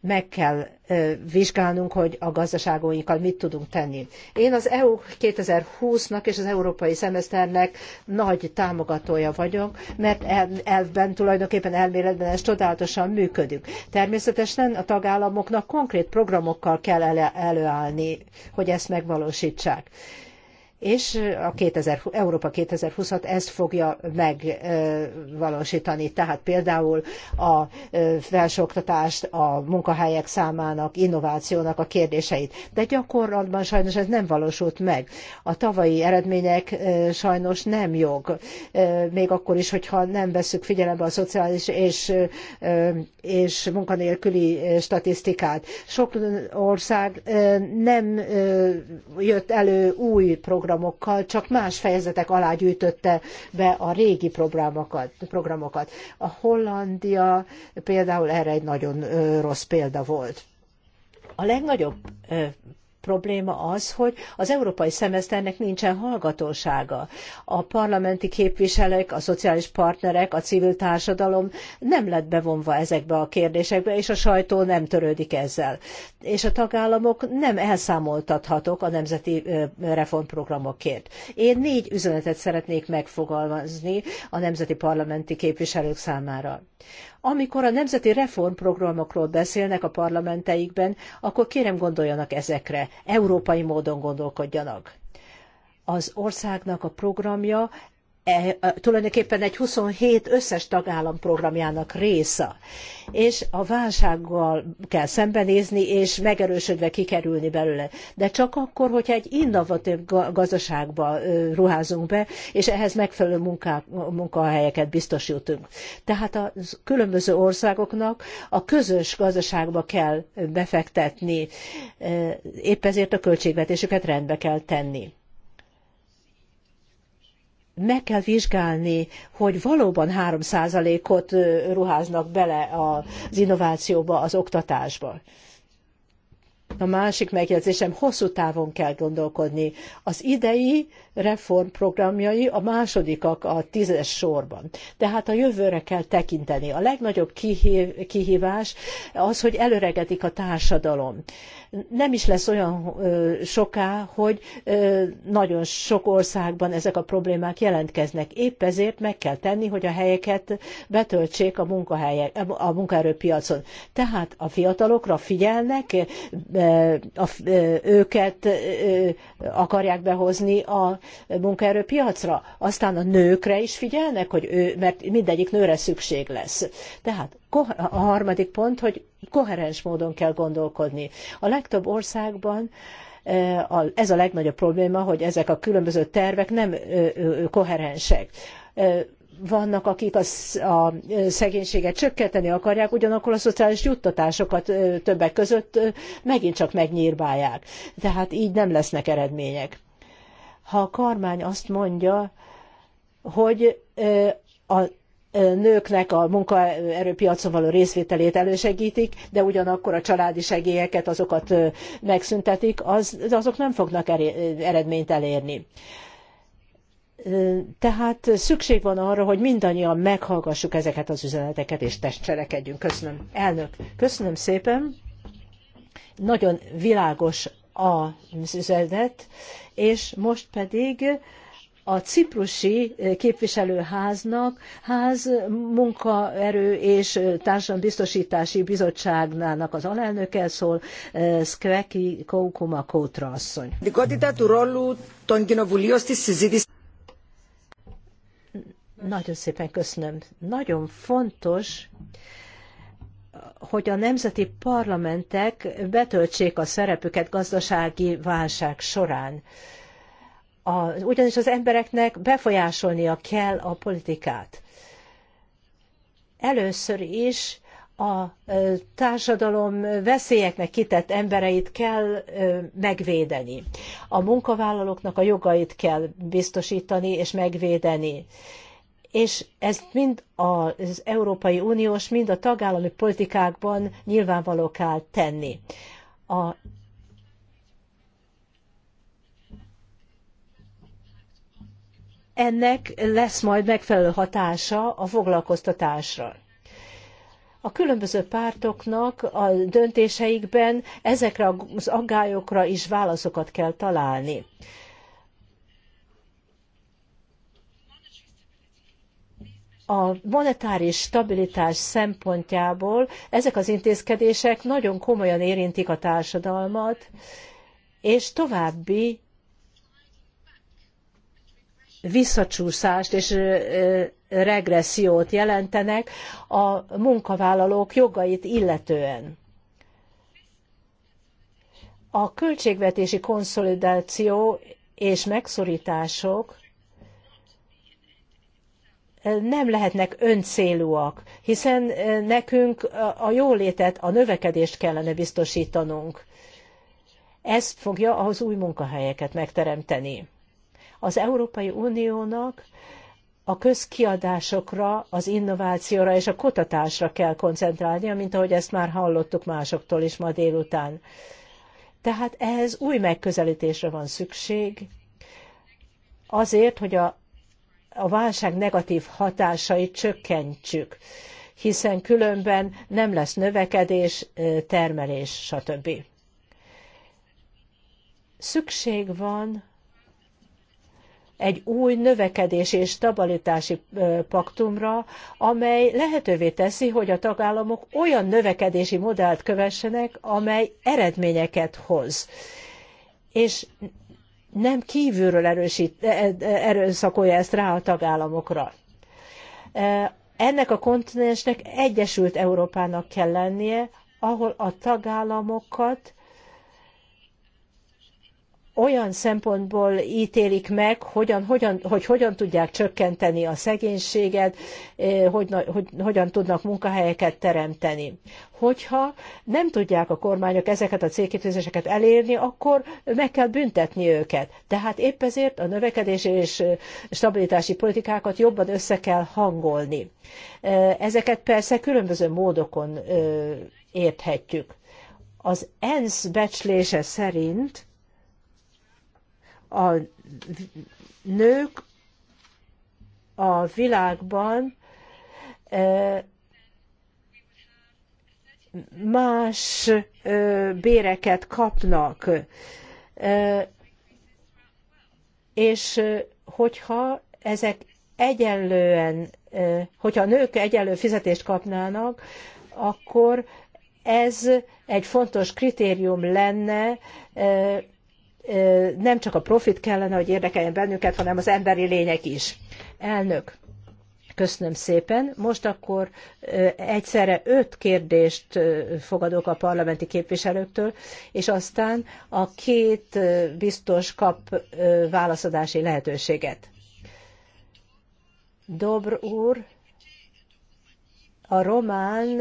meg kell vizsgálnunk, hogy a gazdaságainkkal mit tudunk tenni. Én az EU 2020-nak és az európai szemeszternek nagy támogatója vagyok, mert elvben tulajdonképpen elméletben ez csodálatosan működik. Természetesen a tagállamoknak konkrét programokkal kell előállni, hogy ezt megvalósítsák és a 2000, Európa 2020-at ezt fogja megvalósítani. Tehát például a felsőoktatást, a munkahelyek számának, innovációnak a kérdéseit. De gyakorlatban sajnos ez nem valósult meg. A tavalyi eredmények sajnos nem jog. Még akkor is, hogyha nem vesszük figyelembe a szociális és, és munkanélküli statisztikát. Sok ország nem jött elő új program programokkal, csak más fejezetek alá gyűjtötte be a régi programokat. programokat. A Hollandia például erre egy nagyon rossz példa volt. A legnagyobb probléma az, hogy az európai szemeszternek nincsen hallgatósága. A parlamenti képviselők, a szociális partnerek, a civil társadalom nem lett bevonva ezekbe a kérdésekbe, és a sajtó nem törődik ezzel. És a tagállamok nem elszámoltathatók a nemzeti reformprogramokért. Én négy üzenetet szeretnék megfogalmazni a nemzeti parlamenti képviselők számára. Amikor a nemzeti reformprogramokról beszélnek a parlamenteikben, akkor kérem gondoljanak ezekre, európai módon gondolkodjanak. Az országnak a programja E, tulajdonképpen egy 27 összes tagállam programjának része, és a válsággal kell szembenézni, és megerősödve kikerülni belőle. De csak akkor, hogyha egy innovatív gazdaságba ruházunk be, és ehhez megfelelő munká, munkahelyeket biztosítunk. Tehát a különböző országoknak a közös gazdaságba kell befektetni, épp ezért a költségvetésüket rendbe kell tenni meg kell vizsgálni, hogy valóban 3%-ot ruháznak bele az innovációba, az oktatásba. A másik megjegyzésem, hosszú távon kell gondolkodni. Az idei reformprogramjai a másodikak a tízes sorban. Tehát a jövőre kell tekinteni. A legnagyobb kihívás az, hogy előregedik a társadalom. Nem is lesz olyan soká, hogy nagyon sok országban ezek a problémák jelentkeznek. Épp ezért meg kell tenni, hogy a helyeket betöltsék a, munkahelyek, a munkaerőpiacon. Tehát a fiatalokra figyelnek, őket akarják behozni a munkaerőpiacra, aztán a nőkre is figyelnek, hogy ő, mert mindegyik nőre szükség lesz. Tehát a harmadik pont, hogy koherens módon kell gondolkodni. A legtöbb országban e, ez a legnagyobb probléma, hogy ezek a különböző tervek nem koherensek e, vannak, akik a, a szegénységet csökkenteni akarják, ugyanakkor a szociális juttatásokat többek között megint csak megnyírbálják. Tehát így nem lesznek eredmények ha a kormány azt mondja, hogy a nőknek a munkaerőpiacon való részvételét elősegítik, de ugyanakkor a családi segélyeket azokat megszüntetik, az, azok nem fognak eredményt elérni. Tehát szükség van arra, hogy mindannyian meghallgassuk ezeket az üzeneteket, és testcselekedjünk. Köszönöm. Elnök, köszönöm szépen. Nagyon világos az üzenet, és most pedig a ciprusi képviselőháznak, ház munkaerő és társadalombiztosítási bizottságnának az alelnöke szól, Skveki Koukuma Kótra asszony. Nagyon szépen köszönöm. Nagyon fontos, hogy a nemzeti parlamentek betöltsék a szerepüket gazdasági válság során. A, ugyanis az embereknek befolyásolnia kell a politikát. Először is a társadalom veszélyeknek kitett embereit kell megvédeni. A munkavállalóknak a jogait kell biztosítani és megvédeni és ezt mind az Európai Uniós, mind a tagállami politikákban nyilvánvaló kell tenni. A ennek lesz majd megfelelő hatása a foglalkoztatásra. A különböző pártoknak a döntéseikben ezekre az aggályokra is válaszokat kell találni. a monetáris stabilitás szempontjából ezek az intézkedések nagyon komolyan érintik a társadalmat, és további visszacsúszást és regressziót jelentenek a munkavállalók jogait illetően. A költségvetési konszolidáció és megszorítások nem lehetnek öncélúak, hiszen eh, nekünk a jólétet, a növekedést kellene biztosítanunk. Ez fogja az új munkahelyeket megteremteni. Az Európai Uniónak a közkiadásokra, az innovációra és a kutatásra kell koncentrálnia, mint ahogy ezt már hallottuk másoktól is ma délután. Tehát ehhez új megközelítésre van szükség, azért, hogy a a válság negatív hatásait csökkentsük, hiszen különben nem lesz növekedés, termelés, stb. Szükség van egy új növekedési és stabilitási paktumra, amely lehetővé teszi, hogy a tagállamok olyan növekedési modellt kövessenek, amely eredményeket hoz. És nem kívülről erősít, e, e, erőszakolja ezt rá a tagállamokra. E, ennek a kontinensnek Egyesült Európának kell lennie, ahol a tagállamokat olyan szempontból ítélik meg, hogyan, hogyan, hogy hogyan tudják csökkenteni a szegénységet, eh, hogy, hogy, hogyan tudnak munkahelyeket teremteni. Hogyha nem tudják a kormányok ezeket a célkitűzéseket elérni, akkor meg kell büntetni őket. Tehát épp ezért a növekedési és eh, stabilitási politikákat jobban össze kell hangolni. Eh, ezeket persze különböző módokon érthetjük. Az ENSZ becslése szerint a nők a világban más béreket kapnak. És hogyha ezek egyenlően, hogyha a nők egyenlő fizetést kapnának, akkor ez egy fontos kritérium lenne nem csak a profit kellene, hogy érdekeljen bennünket, hanem az emberi lények is. Elnök, köszönöm szépen. Most akkor egyszerre öt kérdést fogadok a parlamenti képviselőktől, és aztán a két biztos kap válaszadási lehetőséget. Dobr úr, a román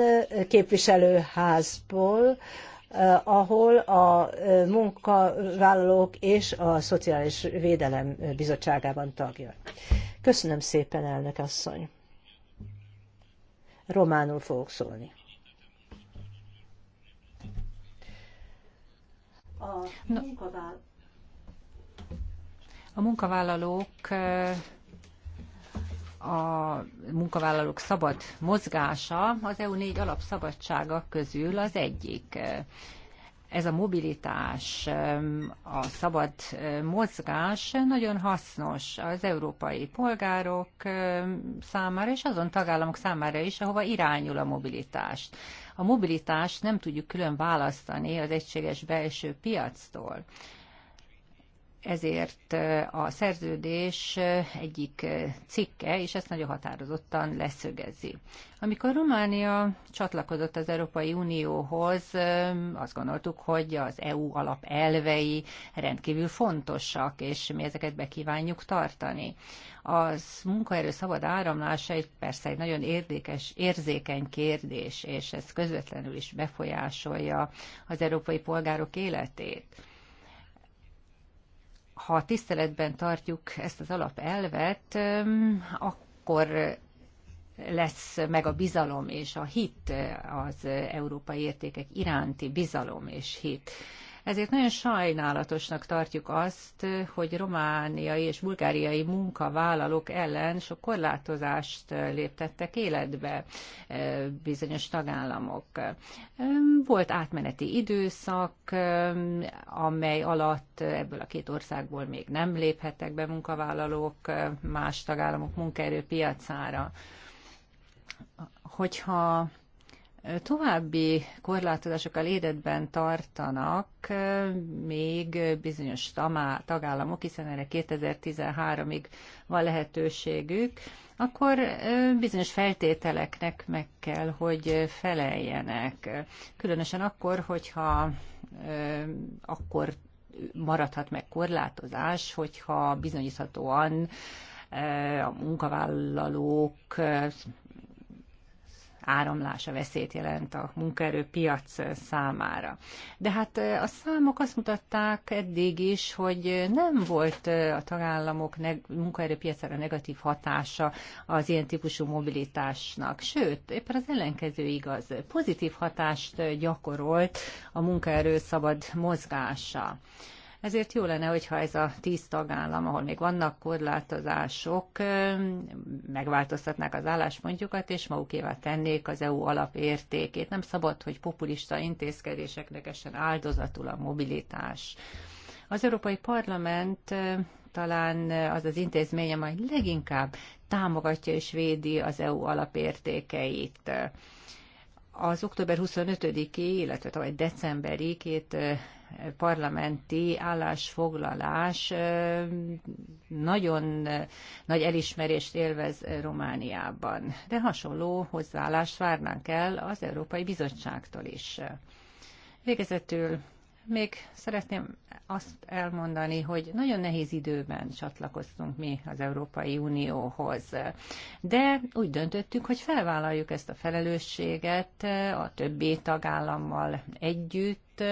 képviselőházból Eh, ahol a eh, munkavállalók és a Szociális Védelem Bizottságában tagja. Köszönöm szépen, elnök asszony. Románul fogok szólni. A, munkavállalók a munkavállalók eh, a munkavállalók szabad mozgása az EU négy alapszabadsága közül az egyik. Ez a mobilitás, a szabad mozgás nagyon hasznos az európai polgárok számára, és azon tagállamok számára is, ahova irányul a mobilitás. A mobilitást nem tudjuk külön választani az egységes belső piactól ezért a szerződés egyik cikke, és ezt nagyon határozottan leszögezi. Amikor Románia csatlakozott az Európai Unióhoz, azt gondoltuk, hogy az EU alapelvei rendkívül fontosak, és mi ezeket bekívánjuk tartani. Az munkaerő szabad áramlása egy persze egy nagyon érdekes, érzékeny kérdés, és ez közvetlenül is befolyásolja az európai polgárok életét ha tiszteletben tartjuk ezt az alapelvet, akkor lesz meg a bizalom és a hit, az európai értékek iránti bizalom és hit. Ezért nagyon sajnálatosnak tartjuk azt, hogy romániai és bulgáriai munkavállalók ellen sok korlátozást léptettek életbe e, bizonyos tagállamok. E, volt átmeneti időszak, e, amely alatt ebből a két országból még nem léphettek be munkavállalók más tagállamok munkaerőpiacára. Hogyha további a létedben tartanak még bizonyos tagállamok, hiszen erre 2013-ig van lehetőségük, akkor bizonyos feltételeknek meg kell, hogy feleljenek. Különösen akkor, hogyha akkor maradhat meg korlátozás, hogyha bizonyíthatóan a munkavállalók áramlása veszélyt jelent a munkaerőpiac számára. De hát a számok azt mutatták eddig is, hogy nem volt a tagállamok neg- munkaerőpiacára negatív hatása az ilyen típusú mobilitásnak. Sőt, éppen az ellenkező igaz. Pozitív hatást gyakorolt a munkaerő szabad mozgása. Ezért jó lenne, hogyha ez a tíz tagállam, ahol még vannak korlátozások, megváltoztatnák az álláspontjukat, és magukévá tennék az EU alapértékét. Nem szabad, hogy populista intézkedéseknek essen áldozatul a mobilitás. Az Európai Parlament talán az az intézmény, majd leginkább támogatja és védi az EU alapértékeit. Az október 25-i, illetve tavaly decemberi két parlamenti állásfoglalás nagyon nagy elismerést élvez Romániában, de hasonló hozzáállást várnánk el az Európai Bizottságtól is. Végezetül még szeretném azt elmondani, hogy nagyon nehéz időben csatlakoztunk mi az Európai Unióhoz, de úgy döntöttük, hogy felvállaljuk ezt a felelősséget eh, a többi tagállammal együtt,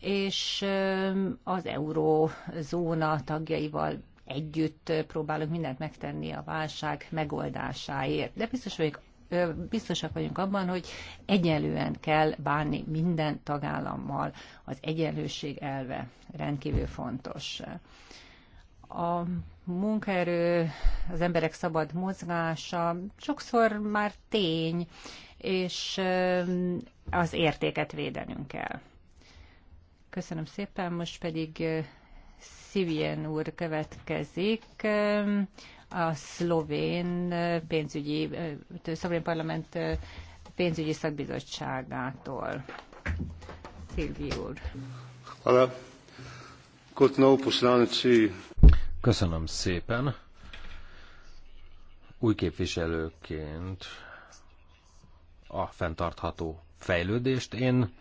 és eh, az eurózóna tagjaival együtt próbálunk mindent megtenni a válság megoldásáért. De biztos vagyok biztosak vagyunk abban, hogy egyenlően kell bánni minden tagállammal. Az egyenlőség elve rendkívül fontos. A munkaerő, az emberek szabad mozgása sokszor már tény, és az értéket védenünk kell. Köszönöm szépen, most pedig Szivien úr következik a szlovén pénzügyi, szlovén parlament pénzügyi szakbizottságától. Szilvi úr. Köszönöm szépen. Új képviselőként a fenntartható fejlődést én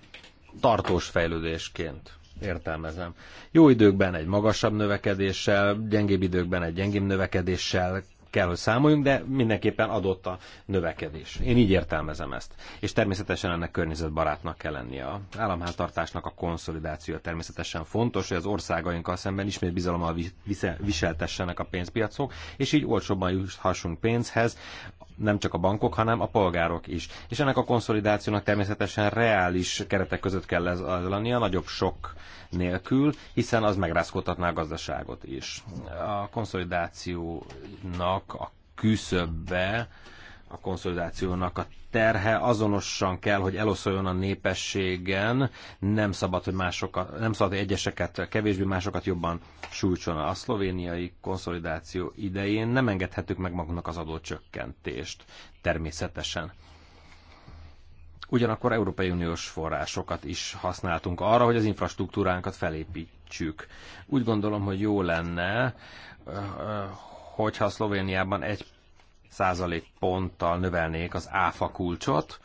tartós fejlődésként értelmezem. Jó időkben egy magasabb növekedéssel, gyengébb időkben egy gyengébb növekedéssel kell, hogy számoljunk, de mindenképpen adott a növekedés. Én így értelmezem ezt. És természetesen ennek környezetbarátnak kell lennie. A államháztartásnak a konszolidáció természetesen fontos, hogy az országainkkal szemben ismét bizalommal viseltessenek a pénzpiacok, és így olcsóbban juthassunk pénzhez, nem csak a bankok, hanem a polgárok is. És ennek a konszolidációnak természetesen reális keretek között kell a nagyobb sok nélkül, hiszen az megrázkodhatná a gazdaságot is. A konszolidációnak a küszöbbe a konszolidációnak a terhe azonosan kell, hogy eloszoljon a népességen, nem szabad, hogy, másokat, nem szabad, hogy egyeseket kevésbé, másokat jobban sújtson. A szlovéniai konszolidáció idején nem engedhetük meg magunknak az adócsökkentést, természetesen. Ugyanakkor Európai Uniós forrásokat is használtunk arra, hogy az infrastruktúránkat felépítsük. Úgy gondolom, hogy jó lenne, eh, hogyha Szlovéniában egy százalék ponttal növelnék az áfa kulcsot,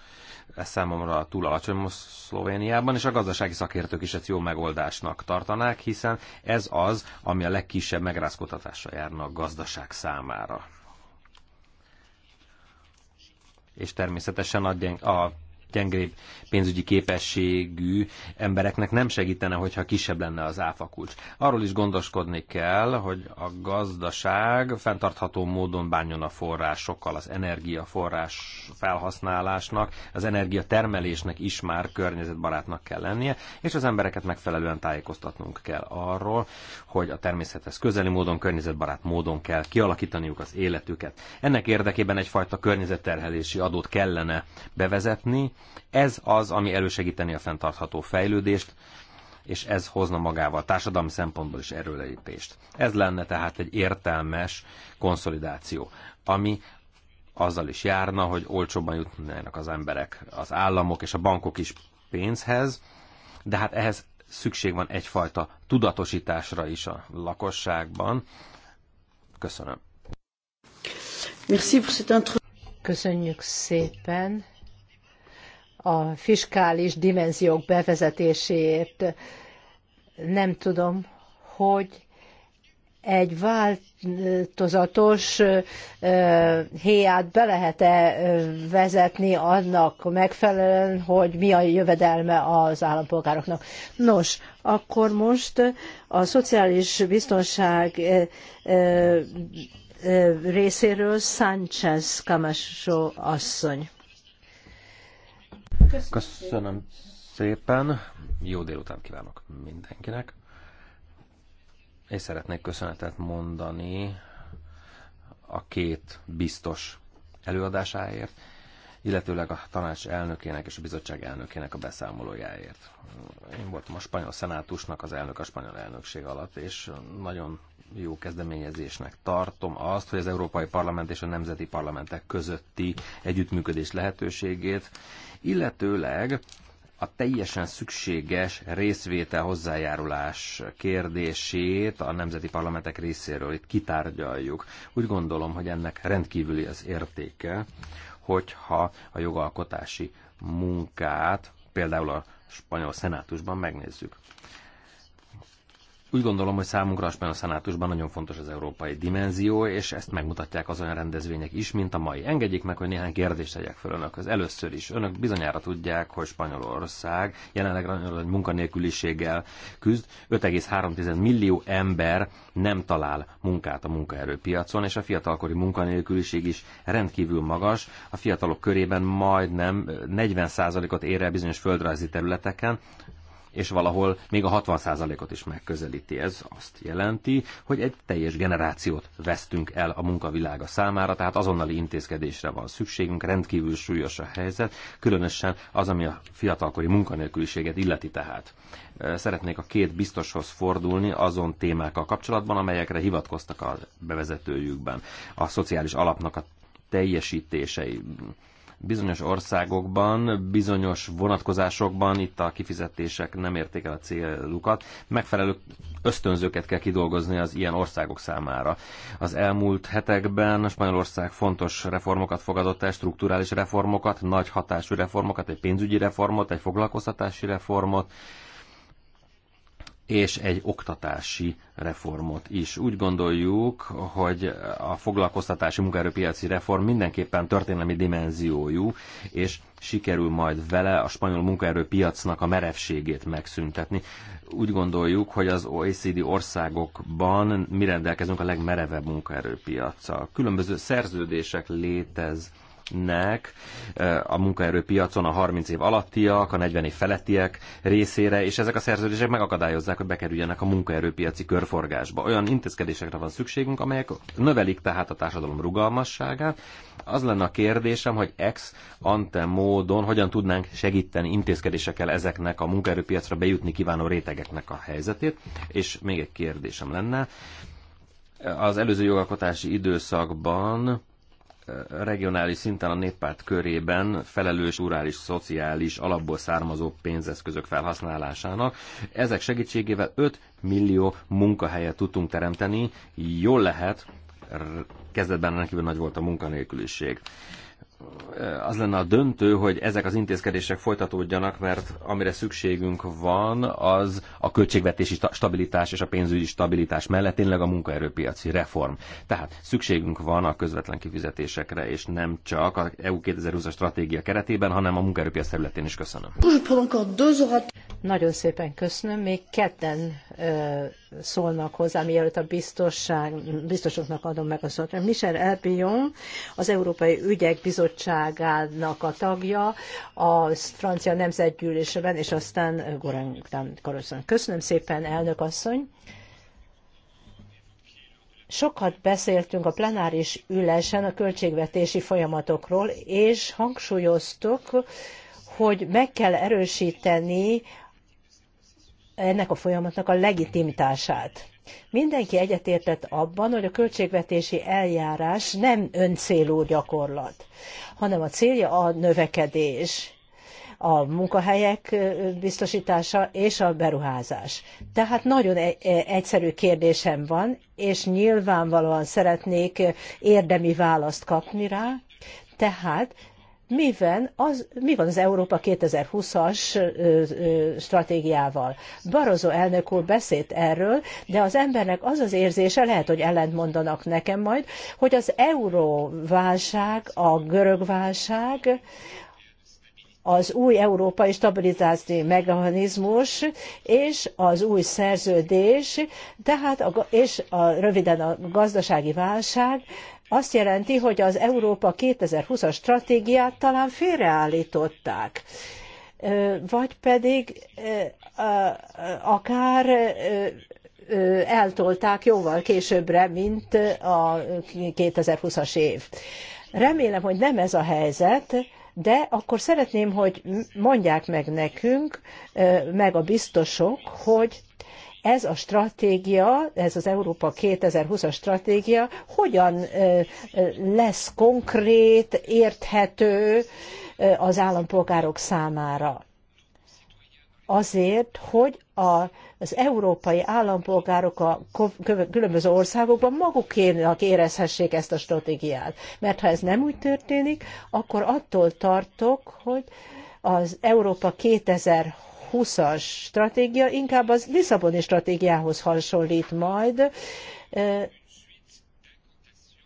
ez számomra túl alacsony most Szlovéniában, és a gazdasági szakértők is ezt jó megoldásnak tartanák, hiszen ez az, ami a legkisebb megrázkodhatásra járna a gazdaság számára. És természetesen a, a gyengébb pénzügyi képességű embereknek nem segítene, hogyha kisebb lenne az áfakulcs. Arról is gondoskodni kell, hogy a gazdaság fenntartható módon bánjon a forrásokkal, az energiaforrás felhasználásnak, az energiatermelésnek is már környezetbarátnak kell lennie, és az embereket megfelelően tájékoztatnunk kell arról, hogy a természethez közeli módon, környezetbarát módon kell kialakítaniuk az életüket. Ennek érdekében egyfajta környezetterhelési adót kellene bevezetni, ez az, ami elősegíteni a fenntartható fejlődést, és ez hozna magával társadalmi szempontból is erőlépést. Ez lenne tehát egy értelmes konszolidáció, ami azzal is járna, hogy olcsóban jutnának az emberek, az államok és a bankok is pénzhez, de hát ehhez szükség van egyfajta tudatosításra is a lakosságban. Köszönöm. Köszönjük szépen a fiskális dimenziók bevezetéséért. Nem tudom, hogy egy változatos héját be lehet-e vezetni annak megfelelően, hogy mi a jövedelme az állampolgároknak. Nos, akkor most a szociális biztonság részéről Sánchez Camacho asszony. Köszönöm, Köszönöm szépen. Jó délután kívánok mindenkinek. És szeretnék köszönetet mondani a két biztos előadásáért, illetőleg a tanács elnökének és a bizottság elnökének a beszámolójáért. Én voltam a spanyol szenátusnak az elnök a spanyol elnökség alatt, és nagyon jó kezdeményezésnek tartom azt, hogy az Európai Parlament és a nemzeti parlamentek közötti együttműködés lehetőségét, illetőleg a teljesen szükséges részvétel hozzájárulás kérdését a nemzeti parlamentek részéről itt kitárgyaljuk. Úgy gondolom, hogy ennek rendkívüli az értéke, hogyha a jogalkotási munkát például a spanyol szenátusban megnézzük. Úgy gondolom, hogy számunkra a spanyol szenátusban nagyon fontos az európai dimenzió, és ezt megmutatják az olyan rendezvények is, mint a mai. Engedjék meg, hogy néhány kérdést tegyek fel önökhöz. Először is önök bizonyára tudják, hogy Spanyolország jelenleg nagyon nagy munkanélküliséggel küzd. 5,3 millió ember nem talál munkát a munkaerőpiacon, és a fiatalkori munkanélküliség is rendkívül magas. A fiatalok körében majdnem 40%-ot ér el bizonyos földrajzi területeken, és valahol még a 60%-ot is megközelíti. Ez azt jelenti, hogy egy teljes generációt vesztünk el a munkavilága számára, tehát azonnali intézkedésre van szükségünk, rendkívül súlyos a helyzet, különösen az, ami a fiatalkori munkanélküliséget illeti tehát. Szeretnék a két biztoshoz fordulni azon témákkal kapcsolatban, amelyekre hivatkoztak a bevezetőjükben. A szociális alapnak a teljesítései, Bizonyos országokban, bizonyos vonatkozásokban itt a kifizetések nem érték el a célukat. Megfelelő ösztönzőket kell kidolgozni az ilyen országok számára. Az elmúlt hetekben Spanyolország fontos reformokat fogadott el, strukturális reformokat, nagy hatású reformokat, egy pénzügyi reformot, egy foglalkoztatási reformot, és egy oktatási reformot is. Úgy gondoljuk, hogy a foglalkoztatási munkaerőpiaci reform mindenképpen történelmi dimenziójú, és sikerül majd vele a spanyol munkaerőpiacnak a merevségét megszüntetni. Úgy gondoljuk, hogy az OECD országokban mi rendelkezünk a legmerevebb munkaerőpiacsal. Különböző szerződések léteznek, Nek a munkaerőpiacon a 30 év alattiak, a 40 év felettiek részére, és ezek a szerződések megakadályozzák, hogy bekerüljenek a munkaerőpiaci körforgásba. Olyan intézkedésekre van szükségünk, amelyek növelik tehát a társadalom rugalmasságát. Az lenne a kérdésem, hogy ex ante módon hogyan tudnánk segíteni intézkedésekkel ezeknek a munkaerőpiacra bejutni kívánó rétegeknek a helyzetét. És még egy kérdésem lenne. Az előző jogalkotási időszakban regionális szinten a néppárt körében felelős urális, szociális alapból származó pénzeszközök felhasználásának. Ezek segítségével 5 millió munkahelyet tudtunk teremteni, jól lehet, kezdetben rendkívül nagy volt a munkanélküliség az lenne a döntő, hogy ezek az intézkedések folytatódjanak, mert amire szükségünk van, az a költségvetési stabilitás és a pénzügyi stabilitás mellett tényleg a munkaerőpiaci reform. Tehát szükségünk van a közvetlen kifizetésekre, és nem csak a EU 2020-as stratégia keretében, hanem a munkaerőpiac területén is köszönöm. Nagyon szépen köszönöm. Még ketten szólnak hozzá, mielőtt a biztosság, biztosoknak adom meg a szót. Michel Erpillon, az Európai Ügyek Bizottságának a tagja, a francia nemzetgyűlésben, és aztán Goran Karoszon. Köszönöm szépen, elnök asszony! Sokat beszéltünk a plenáris ülésen a költségvetési folyamatokról, és hangsúlyoztuk, hogy meg kell erősíteni ennek a folyamatnak a legitimitását. Mindenki egyetértett abban, hogy a költségvetési eljárás nem öncélú gyakorlat, hanem a célja a növekedés, a munkahelyek biztosítása és a beruházás. Tehát nagyon e, e, egyszerű kérdésem van, és nyilvánvalóan szeretnék érdemi választ kapni rá, tehát miben az, mi van az Európa 2020-as stratégiával. Barozó elnök úr beszélt erről, de az embernek az az érzése, lehet, hogy ellent mondanak nekem majd, hogy az euróválság, a görög válság, az új európai stabilizáció mechanizmus és az új szerződés, tehát a, és a, röviden a gazdasági válság azt jelenti, hogy az Európa 2020-as stratégiát talán félreállították vagy pedig akár eltolták jóval későbbre, mint a 2020-as év. Remélem, hogy nem ez a helyzet, de akkor szeretném, hogy mondják meg nekünk, meg a biztosok, hogy ez a stratégia, ez az Európa 2020-as stratégia hogyan lesz konkrét, érthető az állampolgárok számára. Azért, hogy a, az európai állampolgárok a különböző országokban magukénak érezhessék ezt a stratégiát. Mert ha ez nem úgy történik, akkor attól tartok, hogy az Európa 2020 2020-as stratégia inkább az Lisszaboni stratégiához hasonlít majd,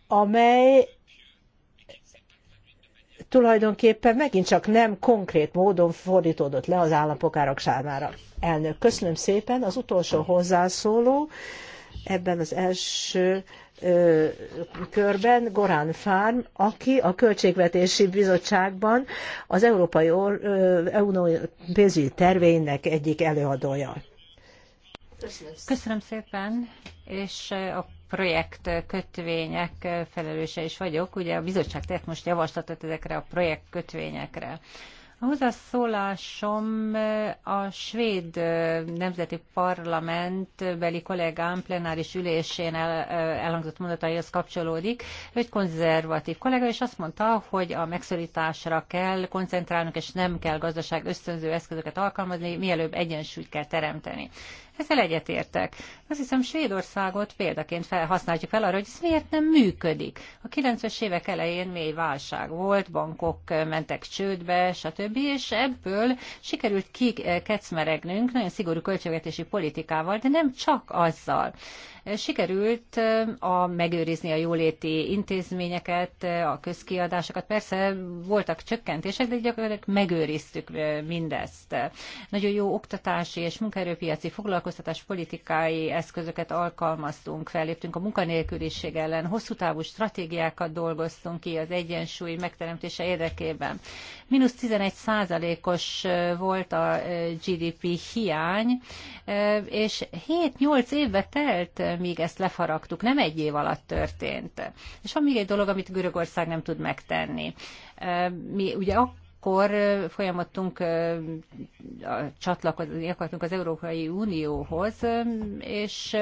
amely tulajdonképpen megint csak nem konkrét módon fordítódott le az állampolgárok számára. Elnök, köszönöm szépen. Az utolsó hozzászóló ebben az első ö, körben Gorán Fárm, aki a Költségvetési Bizottságban az Európai Unió pénzügyi tervének egyik előadója. Köszönöm. Köszönöm szépen, és a projekt kötvények felelőse is vagyok. Ugye a bizottság tett most javaslatot ezekre a projekt kötvényekre. A hozzászólásom a svéd nemzeti parlament beli kollégám plenáris ülésén el, elhangzott mondataihoz kapcsolódik. Ő egy konzervatív kollega, és azt mondta, hogy a megszorításra kell koncentrálnunk, és nem kell gazdaság ösztönző eszközöket alkalmazni, mielőbb egyensúlyt kell teremteni. Ezzel egyetértek. Azt hiszem Svédországot példaként felhasználjuk fel arra, hogy ez miért nem működik. A 90-es évek elején mély válság volt, bankok mentek csődbe, stb. És ebből sikerült kikecmeregnünk nagyon szigorú költségvetési politikával, de nem csak azzal sikerült a, megőrizni a jóléti intézményeket, a közkiadásokat. Persze voltak csökkentések, de gyakorlatilag megőriztük mindezt. Nagyon jó oktatási és munkaerőpiaci foglalkozás foglalkoztatás politikai eszközöket alkalmaztunk, felléptünk a munkanélküliség ellen, hosszú távú stratégiákat dolgoztunk ki az egyensúly megteremtése érdekében. Minusz 11 százalékos volt a GDP hiány, és 7-8 évbe telt, míg ezt lefaragtuk, nem egy év alatt történt. És van még egy dolog, amit Görögország nem tud megtenni. Mi ugye akkor akkor folyamatunk csatlakozni akartunk az Európai Unióhoz, és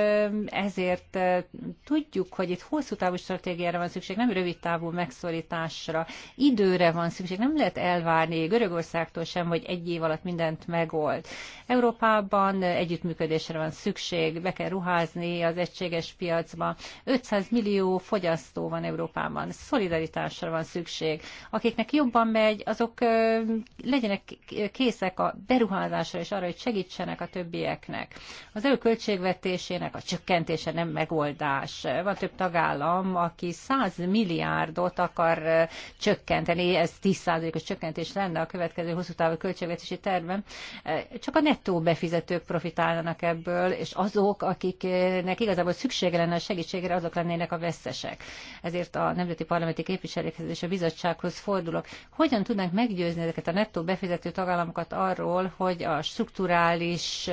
ezért tudjuk, hogy itt hosszú távú stratégiára van szükség, nem rövid távú megszorításra, időre van szükség, nem lehet elvárni Görögországtól sem, hogy egy év alatt mindent megold. Európában együttműködésre van szükség, be kell ruházni az egységes piacba. 500 millió fogyasztó van Európában, szolidaritásra van szükség. Akiknek jobban megy, azok legyenek készek a beruházásra és arra, hogy segítsenek a többieknek. Az EU költségvetésének a csökkentése nem megoldás. Van több tagállam, aki 100 milliárdot akar csökkenteni, ez 10%-os csökkentés lenne a következő hosszú távú költségvetési tervben. Csak a nettó befizetők profitálnak ebből, és azok, akiknek igazából szüksége lenne a segítségre, azok lennének a veszesek. Ezért a nemzeti parlamenti képviselőkhez és a bizottsághoz fordulok. Hogyan tudnánk meggyőzni meggyőzni ezeket a nettó befizető tagállamokat arról, hogy a strukturális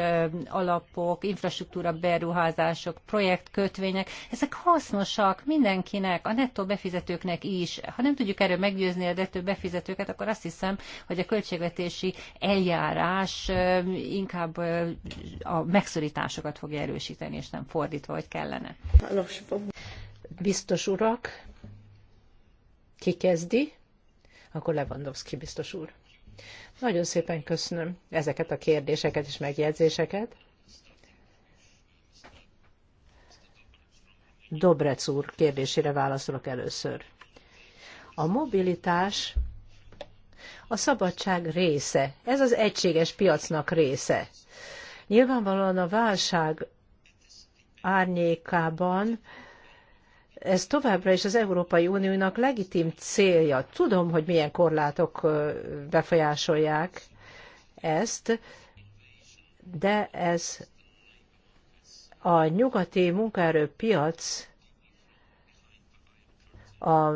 alapok, infrastruktúra beruházások, projektkötvények, ezek hasznosak mindenkinek, a nettó befizetőknek is. Ha nem tudjuk erről meggyőzni a nettó befizetőket, akkor azt hiszem, hogy a költségvetési eljárás inkább a megszorításokat fogja erősíteni, és nem fordítva, hogy kellene. Biztos urak, ki kezdi? akkor Lewandowski biztos úr. Nagyon szépen köszönöm ezeket a kérdéseket és megjegyzéseket. Dobrec úr kérdésére válaszolok először. A mobilitás a szabadság része. Ez az egységes piacnak része. Nyilvánvalóan a válság árnyékában ez továbbra is az Európai Uniónak legitim célja. Tudom, hogy milyen korlátok befolyásolják ezt, de ez a nyugati munkaerőpiac a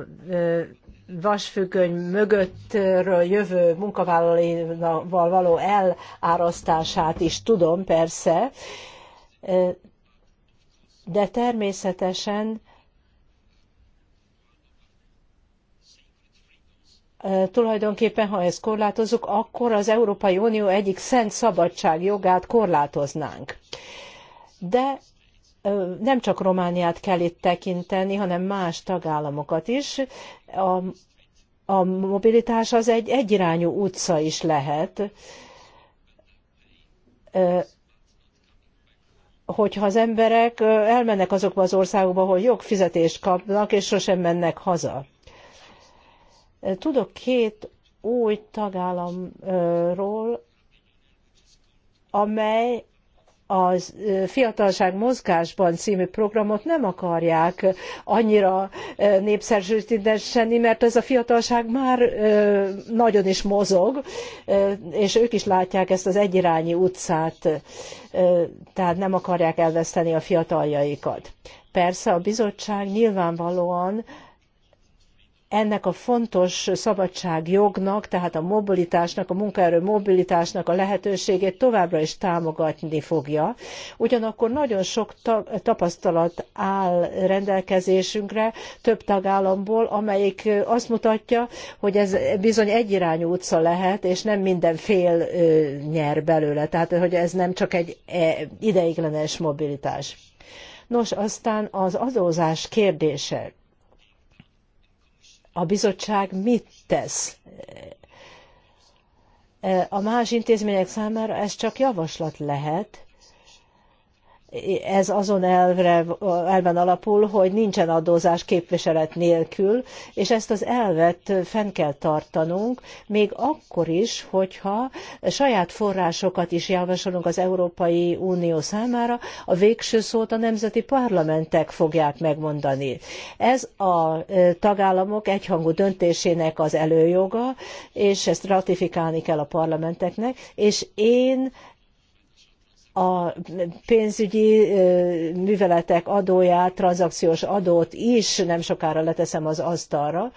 vasfüggöny mögöttről jövő munkavállalóval való elárasztását is tudom persze, de természetesen tulajdonképpen, ha ezt korlátozzuk, akkor az Európai Unió egyik szent szabadságjogát korlátoznánk. De nem csak Romániát kell itt tekinteni, hanem más tagállamokat is. A, a mobilitás az egy egyirányú utca is lehet hogyha az emberek elmennek azokba az országokba, ahol jogfizetést kapnak, és sosem mennek haza. Tudok két új tagállamról, amely a Fiatalság Mozgásban című programot nem akarják annyira népszerűsíteni, mert ez a fiatalság már nagyon is mozog, és ők is látják ezt az egyirányi utcát, tehát nem akarják elveszteni a fiataljaikat. Persze a bizottság nyilvánvalóan ennek a fontos szabadságjognak, tehát a mobilitásnak, a munkaerő mobilitásnak a lehetőségét továbbra is támogatni fogja. Ugyanakkor nagyon sok tapasztalat áll rendelkezésünkre több tagállamból, amelyik azt mutatja, hogy ez bizony egyirányú utca lehet, és nem minden fél nyer belőle, tehát hogy ez nem csak egy e, ideiglenes mobilitás. Nos, aztán az adózás kérdése a bizottság mit tesz? E, a más intézmények számára ez csak javaslat lehet, ez azon elvre, elven alapul, hogy nincsen adózás képviselet nélkül, és ezt az elvet fenn kell tartanunk, még akkor is, hogyha saját forrásokat is javasolunk az Európai Unió számára, a végső szót a nemzeti parlamentek fogják megmondani. Ez a e, tagállamok egyhangú döntésének az előjoga, és ezt ratifikálni kell a parlamenteknek, és én a pénzügyi műveletek adóját, tranzakciós adót is nem sokára leteszem az asztalra,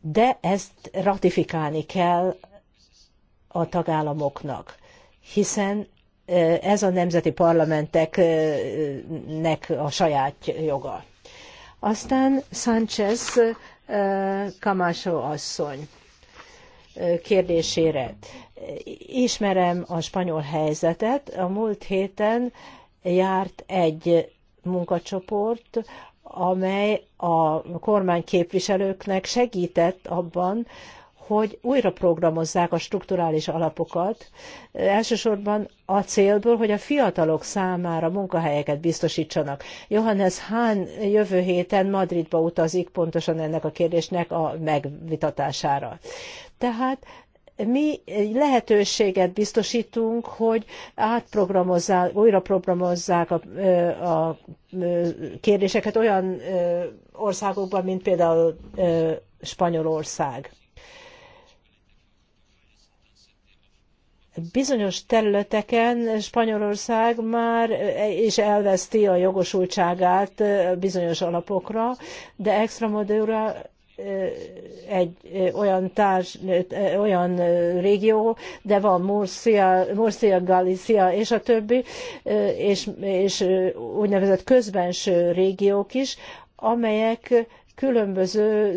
de ezt ratifikálni kell a tagállamoknak, hiszen ez a nemzeti parlamenteknek a saját joga. Aztán Sánchez Camacho asszony kérdésére ismerem a spanyol helyzetet. A múlt héten járt egy munkacsoport, amely a kormány képviselőknek segített abban, hogy újra programozzák a strukturális alapokat, elsősorban a célból, hogy a fiatalok számára munkahelyeket biztosítsanak. Johannes Hahn jövő héten Madridba utazik pontosan ennek a kérdésnek a megvitatására. Tehát mi lehetőséget biztosítunk, hogy átprogramozzák, programozzák a, a kérdéseket olyan országokban, mint például Spanyolország. Bizonyos területeken Spanyolország már is elveszti a jogosultságát bizonyos alapokra, de Extremadura egy olyan, társ, olyan régió, de van Murcia, Murcia, Galicia és a többi, és, és úgynevezett közbenső régiók is, amelyek különböző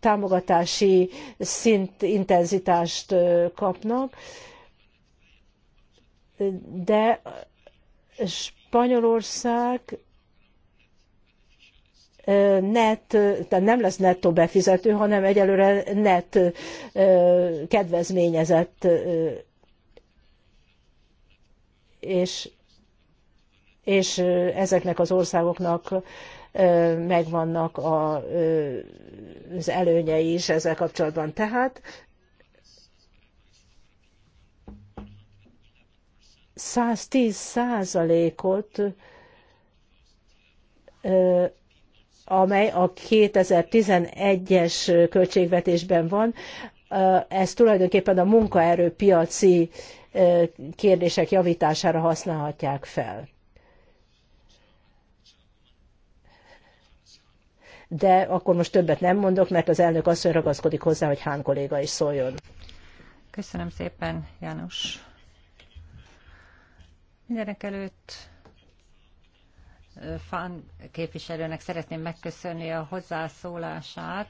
támogatási szint intenzitást kapnak, de Spanyolország net, tehát nem lesz nettó befizető, hanem egyelőre net kedvezményezett és, és ezeknek az országoknak megvannak a, az előnyei is ezzel kapcsolatban. Tehát száz 110 százalékot amely a 2011-es költségvetésben van, ez tulajdonképpen a munkaerőpiaci kérdések javítására használhatják fel. De akkor most többet nem mondok, mert az elnök asszony ragaszkodik hozzá, hogy Hán kolléga is szóljon. Köszönöm szépen, János. Mindenek előtt Fán képviselőnek szeretném megköszönni a hozzászólását,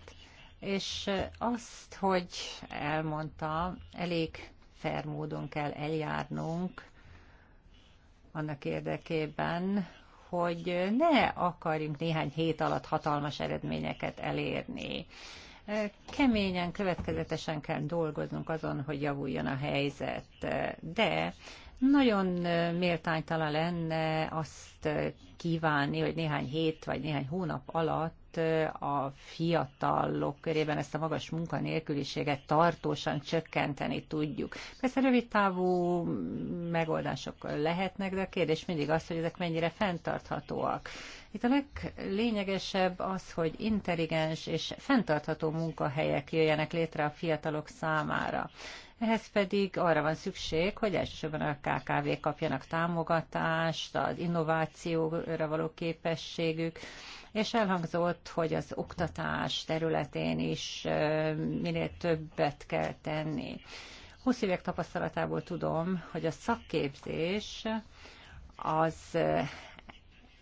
és azt, hogy elmondta, elég fair módon kell eljárnunk annak érdekében, hogy ne akarjunk néhány hét alatt hatalmas eredményeket elérni. Keményen, következetesen kell dolgoznunk azon, hogy javuljon a helyzet, de nagyon méltánytalan lenne azt kívánni, hogy néhány hét vagy néhány hónap alatt a fiatalok körében ezt a magas munkanélküliséget tartósan csökkenteni tudjuk. Persze rövid távú megoldások lehetnek, de a kérdés mindig az, hogy ezek mennyire fenntarthatóak. Itt a leglényegesebb az, hogy intelligens és fenntartható munkahelyek jöjjenek létre a fiatalok számára. Ehhez pedig arra van szükség, hogy elsősorban a KKV kapjanak támogatást, az innovációra való képességük, és elhangzott, hogy az oktatás területén is minél többet kell tenni. 20 évek tapasztalatából tudom, hogy a szakképzés az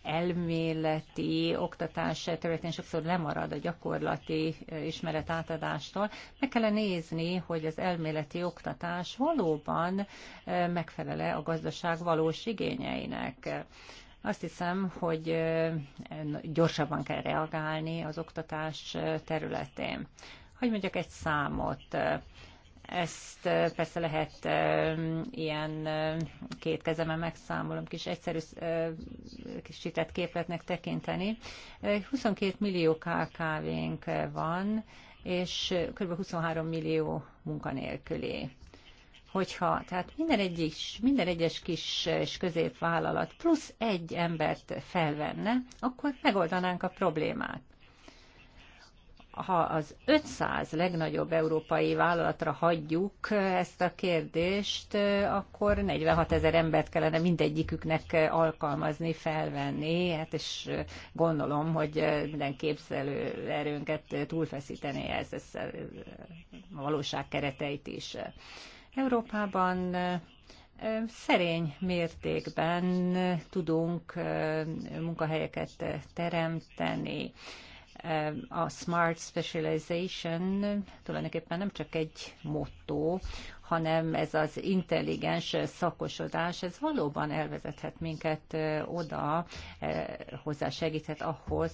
elméleti oktatás területén sokszor lemarad a gyakorlati ismeret átadástól. Meg kellene nézni, hogy az elméleti oktatás valóban megfelele a gazdaság valós igényeinek. Azt hiszem, hogy gyorsabban kell reagálni az oktatás területén. Hogy mondjak egy számot, ezt persze lehet ilyen két kezemen megszámolom, kis egyszerű sített képletnek tekinteni. 22 millió KKV-nk van, és kb. 23 millió munkanélküli hogyha tehát minden, egyes, minden egyes kis és középvállalat plusz egy embert felvenne, akkor megoldanánk a problémát ha az 500 legnagyobb európai vállalatra hagyjuk ezt a kérdést, akkor 46 ezer embert kellene mindegyiküknek alkalmazni, felvenni, hát és gondolom, hogy minden képzelő erőnket túlfeszítené ez, ez a valóság kereteit is. Európában szerény mértékben tudunk munkahelyeket teremteni. A Smart Specialization tulajdonképpen nem csak egy motto, hanem ez az intelligens szakosodás, ez valóban elvezethet minket oda, hozzá segíthet ahhoz,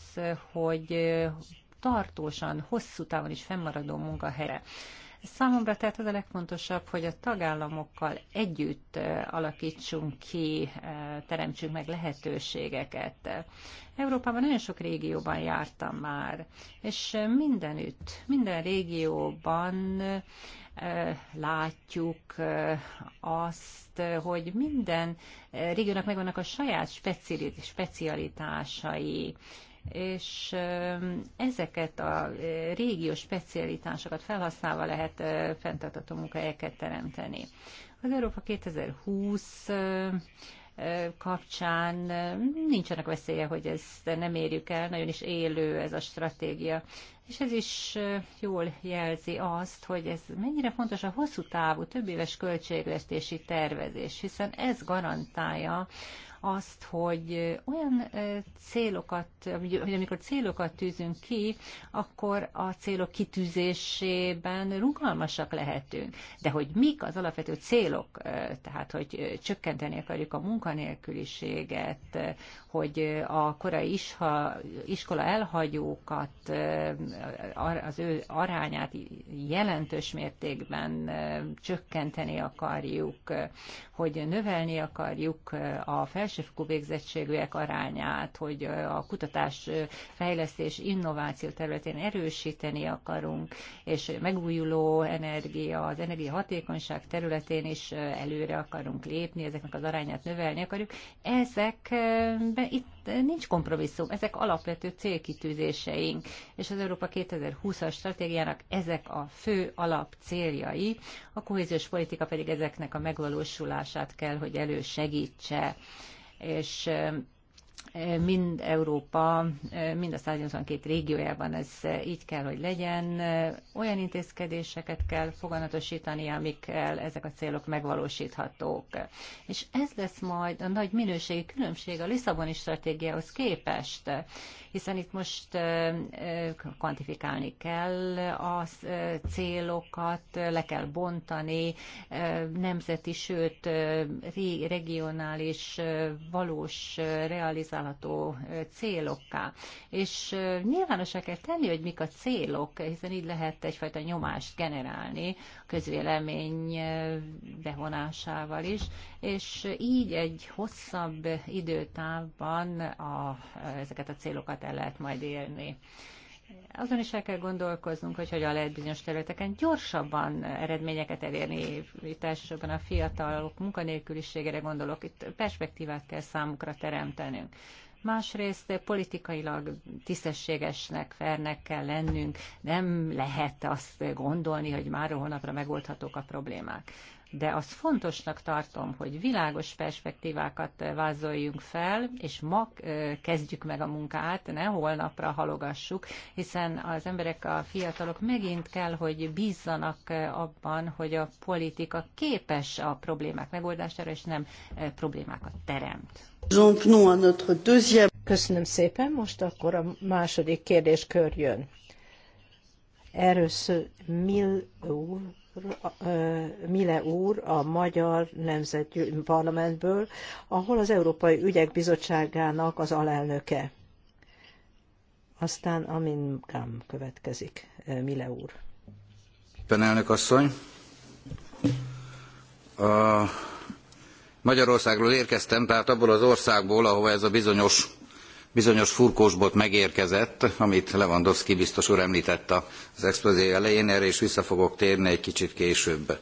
hogy tartósan, hosszú távon is fennmaradó munkahelyre Számomra tehát az a legfontosabb, hogy a tagállamokkal együtt alakítsunk ki, teremtsünk meg lehetőségeket. Európában nagyon sok régióban jártam már, és mindenütt, minden régióban látjuk azt, hogy minden régiónak megvannak a saját specialitásai, és ezeket a régiós specialitásokat felhasználva lehet fenntartató munkahelyeket teremteni. Az Európa 2020 kapcsán nincsenek veszélye, hogy ezt nem érjük el, nagyon is élő ez a stratégia. És ez is jól jelzi azt, hogy ez mennyire fontos a hosszú távú, több éves költségvetési tervezés, hiszen ez garantálja azt, hogy olyan célokat, hogy amikor célokat tűzünk ki, akkor a célok kitűzésében rugalmasak lehetünk. De hogy mik az alapvető célok, tehát hogy csökkenteni akarjuk a munkanélküliséget, hogy a korai isha, iskola elhagyókat, az ő arányát jelentős mértékben csökkenteni akarjuk, hogy növelni akarjuk a felső felsőfokú végzettségűek arányát, hogy a kutatás, fejlesztés, innováció területén erősíteni akarunk, és megújuló energia, az energiahatékonyság területén is előre akarunk lépni, ezeknek az arányát növelni akarjuk. ezek, itt nincs kompromisszum, ezek alapvető célkitűzéseink, és az Európa 2020-as stratégiának ezek a fő alap céljai, a kohéziós politika pedig ezeknek a megvalósulását kell, hogy elősegítse és mind Európa, mind a 182 régiójában ez így kell, hogy legyen. Olyan intézkedéseket kell foganatosítani, amikkel ezek a célok megvalósíthatók. És ez lesz majd a nagy minőségi különbség a Lisszaboni stratégiához képest hiszen itt most kvantifikálni kell a célokat, le kell bontani nemzeti, sőt regionális, valós, realizálható célokká. És nyilvánosra kell tenni, hogy mik a célok, hiszen így lehet egyfajta nyomást generálni a közvélemény bevonásával is, és így egy hosszabb időtávban a, ezeket a célokat el lehet majd érni. Azon is el kell gondolkoznunk, hogy hogyan lehet bizonyos területeken gyorsabban eredményeket elérni, itt elsősorban a fiatalok munkanélküliségére gondolok, itt perspektívát kell számukra teremtenünk másrészt politikailag tisztességesnek, fernek kell lennünk, nem lehet azt gondolni, hogy már holnapra megoldhatók a problémák de azt fontosnak tartom, hogy világos perspektívákat vázoljunk fel, és ma kezdjük meg a munkát, ne holnapra halogassuk, hiszen az emberek, a fiatalok megint kell, hogy bízzanak abban, hogy a politika képes a problémák megoldására, és nem problémákat teremt. Köszönöm szépen, most akkor a második kérdéskör jön. Először Mill Mile úr a Magyar Nemzeti Parlamentből, ahol az Európai Ügyek Bizottságának az alelnöke. Aztán Amin Gám következik. Mile úr. Elnök asszony, a Magyarországról érkeztem, tehát abból az országból, ahova ez a bizonyos bizonyos furkósbot megérkezett, amit Lewandowski biztos úr említett az expozé elején, erre is vissza fogok térni egy kicsit később.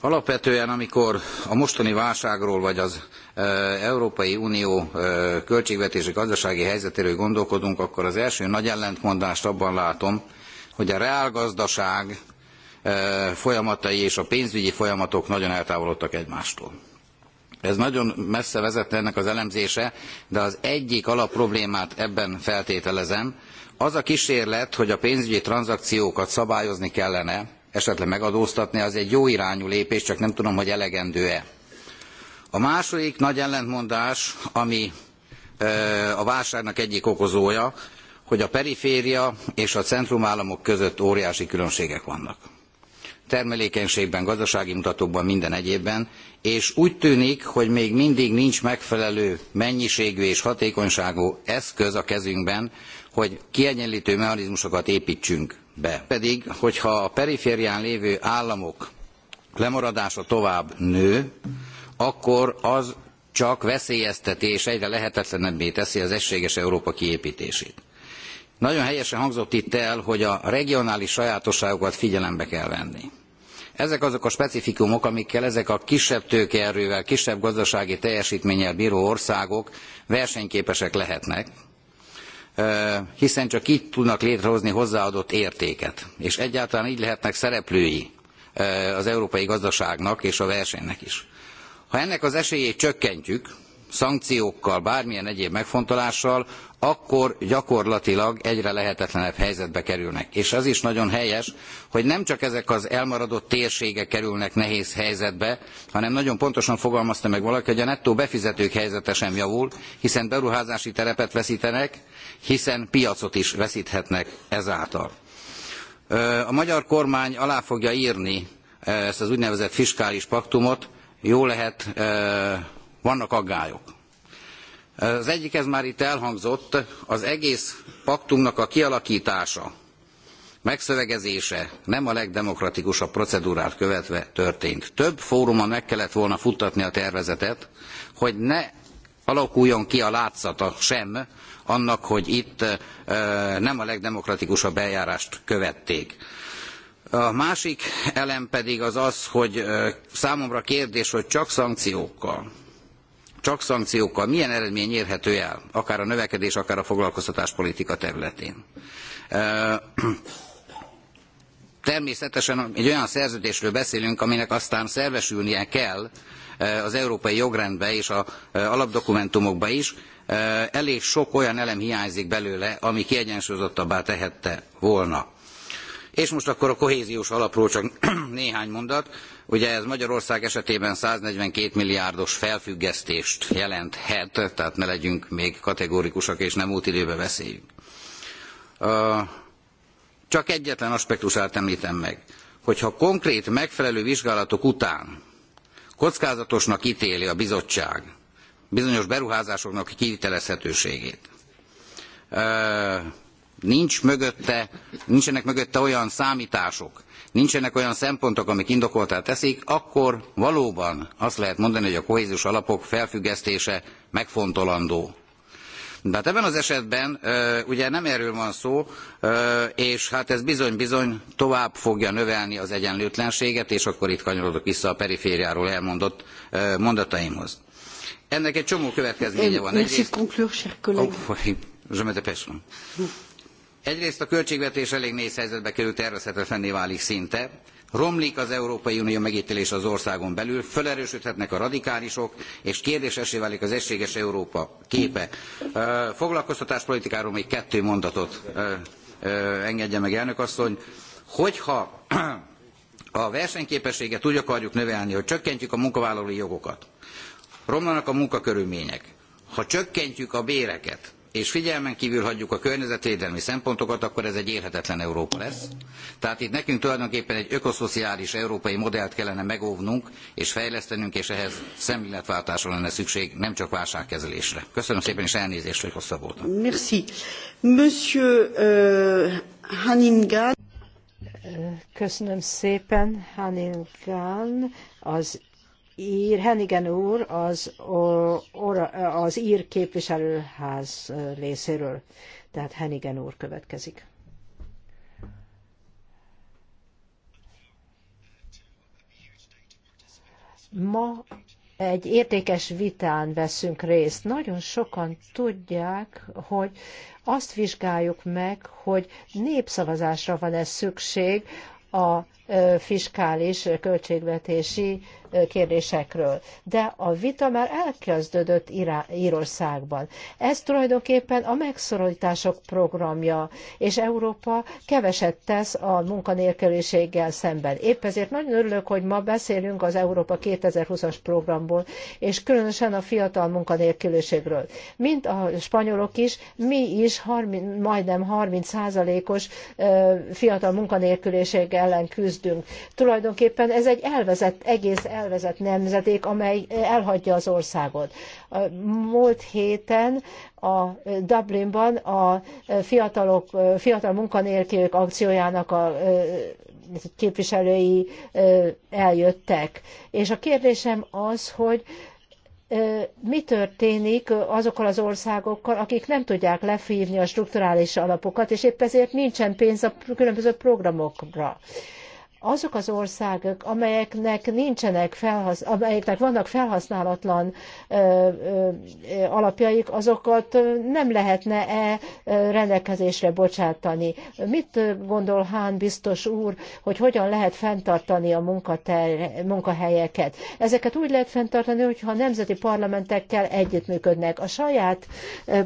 Alapvetően, amikor a mostani válságról vagy az e, Európai Unió e, költségvetési gazdasági helyzetéről gondolkodunk, akkor az első nagy ellentmondást abban látom, hogy a reálgazdaság e, folyamatai és a pénzügyi folyamatok nagyon eltávolodtak egymástól. Ez nagyon messze vezetne ennek az elemzése, de az egyik alapproblémát ebben feltételezem, az a kísérlet, hogy a pénzügyi tranzakciókat szabályozni kellene, esetleg megadóztatni, az egy jó irányú lépés, csak nem tudom, hogy elegendő-e. A második nagy ellentmondás, ami a válságnak egyik okozója, hogy a periféria és a centrumállamok között óriási különbségek vannak termelékenységben, gazdasági mutatókban, minden egyébben, és úgy tűnik, hogy még mindig nincs megfelelő mennyiségű és hatékonyságú eszköz a kezünkben, hogy kiegyenlítő mechanizmusokat építsünk be. Pedig, hogyha a periférián lévő államok lemaradása tovább nő, akkor az csak veszélyezteti és egyre lehetetlenebbé teszi az egységes Európa kiépítését. Nagyon helyesen hangzott itt el, hogy a regionális sajátosságokat figyelembe kell venni. Ezek azok a specifikumok, amikkel ezek a kisebb tőkeerővel, kisebb gazdasági teljesítménnyel bíró országok versenyképesek lehetnek, hiszen csak így tudnak létrehozni hozzáadott értéket, és egyáltalán így lehetnek szereplői az európai gazdaságnak és a versenynek is. Ha ennek az esélyét csökkentjük, szankciókkal, bármilyen egyéb megfontolással, akkor gyakorlatilag egyre lehetetlenebb helyzetbe kerülnek. És az is nagyon helyes, hogy nem csak ezek az elmaradott térségek kerülnek nehéz helyzetbe, hanem nagyon pontosan fogalmazta meg valaki, hogy a nettó befizetők helyzete sem javul, hiszen beruházási terepet veszítenek, hiszen piacot is veszíthetnek ezáltal. A magyar kormány alá fogja írni ezt az úgynevezett fiskális paktumot, jó lehet, vannak aggályok az egyik, ez már itt elhangzott, az egész paktumnak a kialakítása, megszövegezése nem a legdemokratikusabb procedúrát követve történt. Több fórumon meg kellett volna futtatni a tervezetet, hogy ne alakuljon ki a látszata sem annak, hogy itt nem a legdemokratikusabb eljárást követték. A másik elem pedig az az, hogy számomra kérdés, hogy csak szankciókkal, csak szankciókkal milyen eredmény érhető el, akár a növekedés, akár a foglalkoztatáspolitika területén. Természetesen egy olyan szerződésről beszélünk, aminek aztán szervesülnie kell az európai jogrendbe és az alapdokumentumokba is. Elég sok olyan elem hiányzik belőle, ami kiegyensúlyozottabbá tehette volna. És most akkor a kohéziós alapról csak néhány mondat Ugye ez Magyarország esetében 142 milliárdos felfüggesztést jelenthet, tehát ne legyünk még kategórikusak és nem időbe beszéljünk. Csak egyetlen aspektusát említem meg, hogyha konkrét megfelelő vizsgálatok után kockázatosnak ítéli a bizottság bizonyos beruházásoknak kivitelezhetőségét, nincs mögötte, nincsenek mögötte olyan számítások, nincsenek olyan szempontok, amik indokoltá teszik, akkor valóban azt lehet mondani, hogy a kohéziós alapok felfüggesztése megfontolandó. De hát ebben az esetben ugye nem erről van szó, és hát ez bizony-bizony tovább fogja növelni az egyenlőtlenséget, és akkor itt kanyarodok vissza a perifériáról elmondott mondataimhoz. Ennek egy csomó következménye van. Egyrészt... Conclure, cher collègue. Oh, oui. Je me dépêche. Egyrészt a költségvetés elég nehéz helyzetbe kerül, tervezhetetlenné válik szinte. Romlik az Európai Unió megítélése az országon belül, felerősödhetnek a radikálisok, és kérdésesé válik az egységes Európa képe. Foglalkoztatáspolitikáról még kettő mondatot engedje meg elnök asszony. Hogyha a versenyképességet úgy akarjuk növelni, hogy csökkentjük a munkavállalói jogokat, romlanak a munkakörülmények, ha csökkentjük a béreket, és figyelmen kívül hagyjuk a környezetvédelmi szempontokat, akkor ez egy élhetetlen Európa lesz. Tehát itt nekünk tulajdonképpen egy ökoszociális európai modellt kellene megóvnunk és fejlesztenünk, és ehhez szemléletváltásra lenne szükség, nem csak válságkezelésre. Köszönöm szépen, és elnézést, hogy hosszabb voltam. Merci. Monsieur euh, Köszönöm szépen, Haningán, az ír, Hennigen úr az, az ír képviselőház részéről. Tehát Hennigen úr következik. Ma egy értékes vitán veszünk részt. Nagyon sokan tudják, hogy azt vizsgáljuk meg, hogy népszavazásra van-e szükség a fiskális költségvetési kérdésekről. De a vita már elkezdődött Írországban. Ez tulajdonképpen a megszorítások programja, és Európa keveset tesz a munkanélküliséggel szemben. Épp ezért nagyon örülök, hogy ma beszélünk az Európa 2020-as programból, és különösen a fiatal munkanélküliségről. Mint a spanyolok is, mi is 30, majdnem 30 os fiatal munkanélküliség ellen küzdünk küzdünk. Tulajdonképpen ez egy elvezett, egész elvezett nemzedék, amely eh, elhagyja az országot. Múlt héten a eh, Dublinban a eh, fiatalok, fiatal munkanélkülök akciójának a képviselői eljöttek. És a kérdésem az, hogy mi történik azokkal az országokkal, akik nem tudják lefívni a strukturális alapokat, és épp ezért nincsen pénz a különböző programokra azok az országok, amelyeknek nincsenek felhasz, amelyeknek vannak felhasználatlan ö, ö, alapjaik, azokat nem lehetne-e rendelkezésre bocsátani. Mit gondol Hán biztos úr, hogy hogyan lehet fenntartani a munkater, munkahelyeket? Ezeket úgy lehet fenntartani, hogyha a nemzeti parlamentekkel együttműködnek. A saját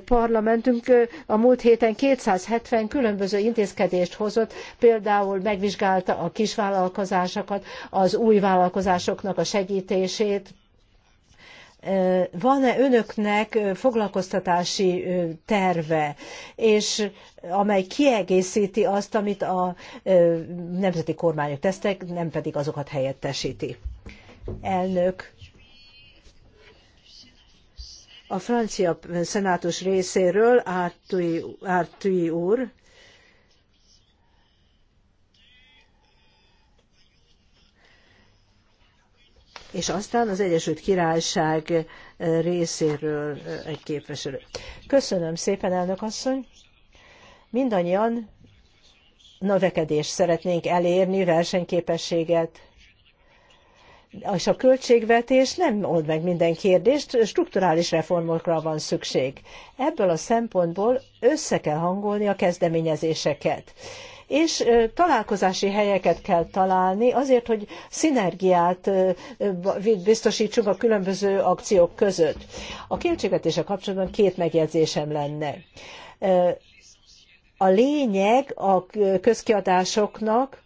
parlamentünk a múlt héten 270 különböző intézkedést hozott, például megvizsgálta a kisvállalat vállalkozásokat, az új vállalkozásoknak a segítését, van-e önöknek foglalkoztatási terve, és amely kiegészíti azt, amit a nemzeti kormányok tesznek, nem pedig azokat helyettesíti? Elnök. A francia szenátus részéről Ártui úr és aztán az Egyesült Királyság eh, részéről eh, egy képviselő. Köszönöm szépen, elnök asszony! Mindannyian növekedést szeretnénk elérni, versenyképességet, és a költségvetés nem old meg minden kérdést, strukturális reformokra van szükség. Ebből a szempontból össze kell hangolni a kezdeményezéseket és találkozási helyeket kell találni azért, hogy szinergiát biztosítsunk a különböző akciók között. A költségvetése kapcsolatban két megjegyzésem lenne. A lényeg a közkiadásoknak,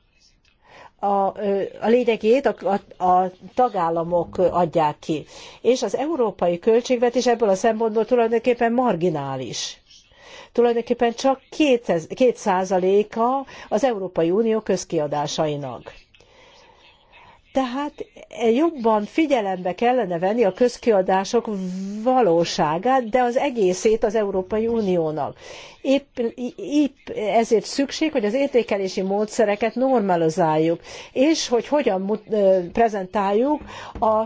a, a lényegét a, a, a tagállamok adják ki. És az európai költségvetés ebből a szempontból tulajdonképpen marginális tulajdonképpen csak two a az Európai Unió közkiadásainak. Tehát jobban figyelembe kellene venni a közkiadások valóságát, de az egészét az Európai Uniónak. Épp, épp ezért szükség, hogy az értékelési módszereket normalizáljuk, és hogy hogyan prezentáljuk a,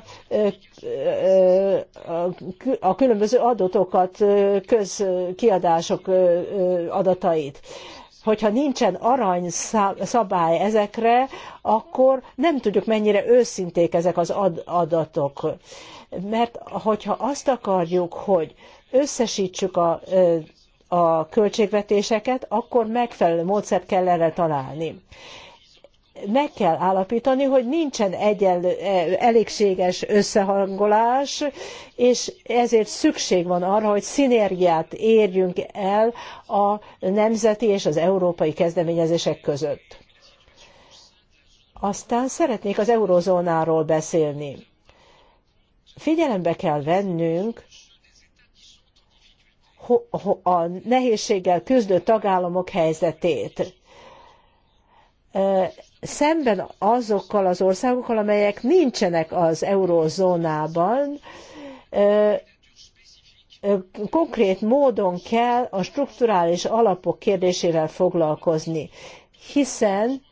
a különböző adatokat, közkiadások adatait hogyha nincsen arany szabály ezekre, akkor nem tudjuk mennyire őszinték ezek az adatok. Mert hogyha azt akarjuk, hogy összesítsük a, a költségvetéseket, akkor megfelelő módszert kell erre találni meg kell állapítani, hogy nincsen egyenlő, e, elégséges összehangolás, és ezért szükség van arra, hogy szinergiát érjünk el a nemzeti és az európai kezdeményezések között. Aztán szeretnék az eurozónáról beszélni. Figyelembe kell vennünk a nehézséggel küzdő tagállamok helyzetét szemben azokkal az országokkal, amelyek nincsenek az eurózónában, konkrét módon kell a strukturális alapok kérdésével foglalkozni, hiszen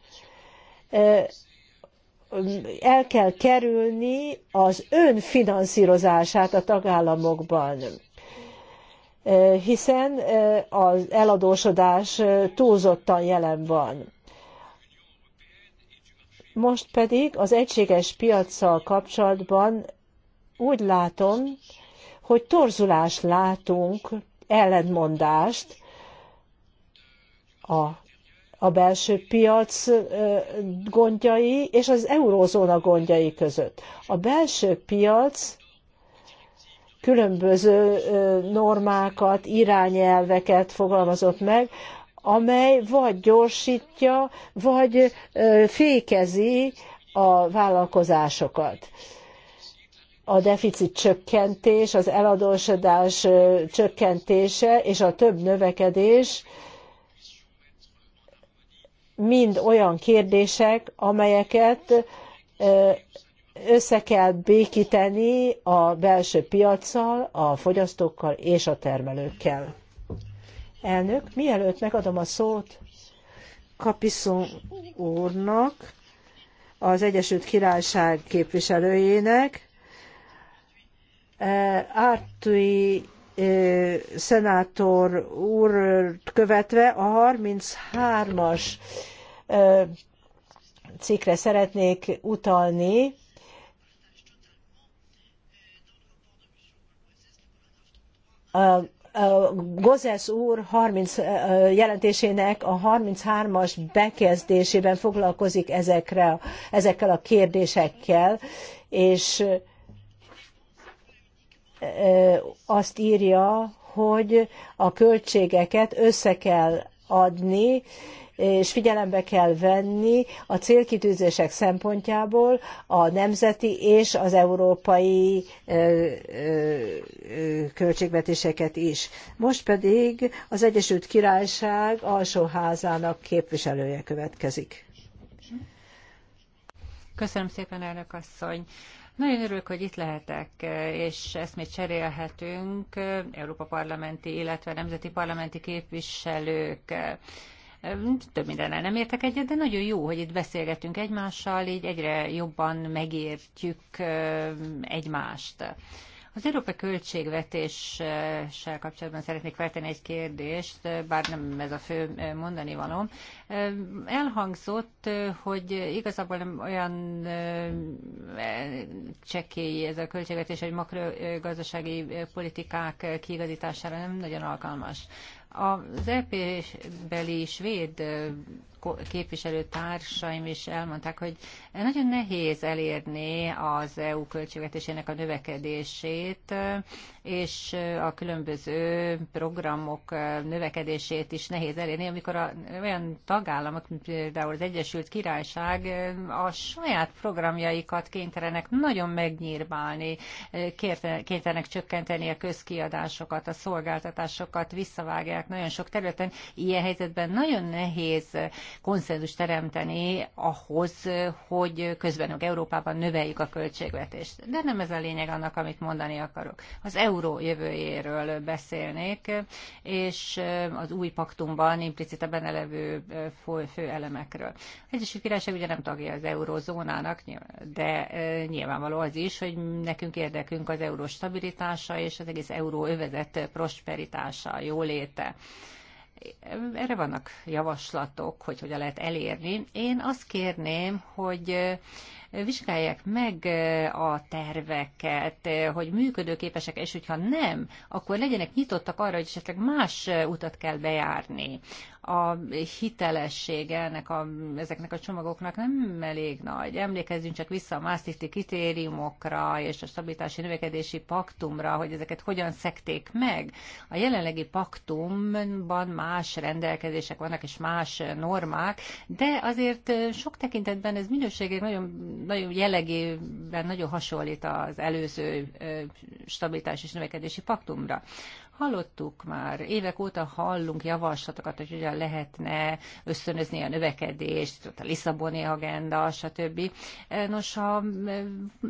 el kell kerülni az önfinanszírozását a tagállamokban hiszen az eladósodás túlzottan jelen van most pedig az egységes piacsal kapcsolatban úgy látom, hogy torzulást látunk, ellentmondást a, a belső piac gondjai és az eurózóna gondjai között. A belső piac különböző normákat, irányelveket fogalmazott meg, amely vagy gyorsítja, vagy fékezi a vállalkozásokat a deficit csökkentés, az eladósodás csökkentése és a több növekedés mind olyan kérdések, amelyeket össze kell békíteni a belső piaccal, a fogyasztókkal és a termelőkkel. Elnök, mielőtt megadom a szót Kapiszon úrnak, az Egyesült Királyság képviselőjének, Ártui eh, eh, szenátor úr követve a 33-as eh, cikkre szeretnék utalni, a Gozes úr 30 jelentésének a 33-as bekezdésében foglalkozik ezekre, ezekkel a kérdésekkel, és azt írja, hogy a költségeket össze kell adni, és figyelembe kell venni a célkitűzések szempontjából a nemzeti és az európai költségvetéseket is. Most pedig az Egyesült Királyság alsóházának képviselője következik. Köszönöm szépen, elnök asszony! Nagyon örülök, hogy itt lehetek, és ezt még cserélhetünk, Európa parlamenti, illetve nemzeti parlamenti képviselők. Több mindennel nem értek egyet, de nagyon jó, hogy itt beszélgetünk egymással, így egyre jobban megértjük egymást. Az európai költségvetéssel kapcsolatban szeretnék feltenni egy kérdést, bár nem ez a fő mondani való. Elhangzott, hogy igazából nem olyan e, csekély ez a költségvetés, hogy makrogazdasági politikák kiigazítására nem nagyon alkalmas. Az EP beli svéd képviselőtársaim is elmondták, hogy nagyon nehéz elérni az EU költségvetésének a növekedését, és a különböző programok növekedését is nehéz elérni, amikor a, olyan tagállamok, mint például az Egyesült Királyság a saját programjaikat kénytelenek nagyon megnyírbálni, kénytelenek csökkenteni a közkiadásokat, a szolgáltatásokat visszavágják nagyon sok területen. Ilyen helyzetben nagyon nehéz konszenzus teremteni ahhoz, hogy közbenünk Európában növeljük a költségvetést. De nem ez a lényeg annak, amit mondani akarok. Az euró jövőjéről beszélnék, és az új paktumban implicite benne levő fő elemekről. Egyesült Királyság ugye nem tagja az eurózónának, de nyilvánvaló az is, hogy nekünk érdekünk az euró stabilitása és az egész euróövezet prosperitása, jóléte erre vannak javaslatok, hogy hogyan lehet elérni. Én azt kérném, hogy vizsgálják meg a terveket, hogy működőképesek, és hogyha nem, akkor legyenek nyitottak arra, hogy esetleg más utat kell bejárni a hitelessége ennek a, ezeknek a csomagoknak nem elég nagy. Emlékezzünk csak vissza a Maastrichti kritériumokra és a stabilitási növekedési paktumra, hogy ezeket hogyan szekték meg. A jelenlegi paktumban más rendelkezések vannak és más normák, de azért sok tekintetben ez minőségek nagyon, nagyon jellegében nagyon hasonlít az előző stabilitási és növekedési paktumra. Hallottuk már, évek óta hallunk javaslatokat, hogy hogyan lehetne ösztönözni a növekedést, a Lisszaboni agenda, stb. Nos, ha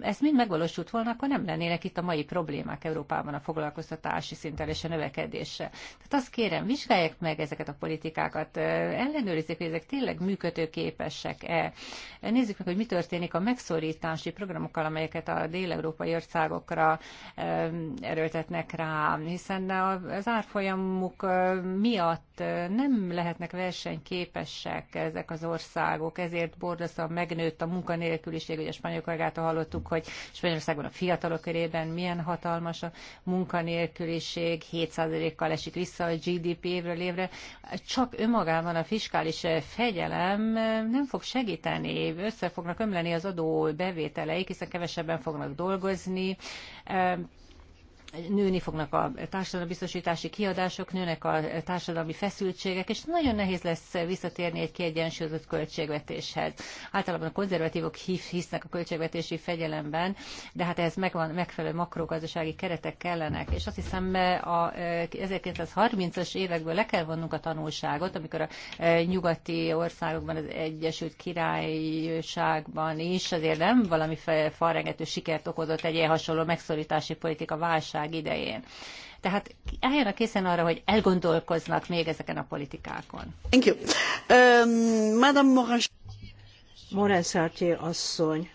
ez mind megvalósult volna, akkor nem lennének itt a mai problémák Európában a foglalkoztatási szinten és a növekedéssel. Tehát azt kérem, vizsgálják meg ezeket a politikákat, ellenőrizzék, hogy ezek tényleg működőképesek-e. Nézzük meg, hogy mi történik a megszorítási programokkal, amelyeket a déleurópai országokra erőltetnek rá, hiszen az árfolyamuk miatt nem lehetnek versenyképesek ezek az országok, ezért borzasztóan megnőtt a munkanélküliség. Ugye a spanyol kollégától hallottuk, hogy Spanyolországban a fiatalok körében milyen hatalmas a munkanélküliség, 7%-kal esik vissza a GDP évről évre. Csak önmagában a fiskális fegyelem nem fog segíteni, össze fognak ömleni az adó bevételeik, hiszen kevesebben fognak dolgozni, nőni fognak a társadalombiztosítási kiadások, nőnek a társadalmi feszültségek, és nagyon nehéz lesz visszatérni egy kiegyensúlyozott költségvetéshez. Általában a konzervatívok hisznek a költségvetési fegyelemben, de hát ehhez megvan, megfelelő makrogazdasági keretek kellenek. És azt hiszem a 1930-as eh, évekből le kell vonnunk a tanulságot, amikor a eh, nyugati országokban, az Egyesült Királyságban is azért nem valami falrengető sikert okozott egy ilyen hasonló megszorítási politika válság válság idején. Tehát álljanak készen arra, hogy elgondolkoznak még ezeken a politikákon. Thank you. Um, Madame Morin... Morin Sartier asszony,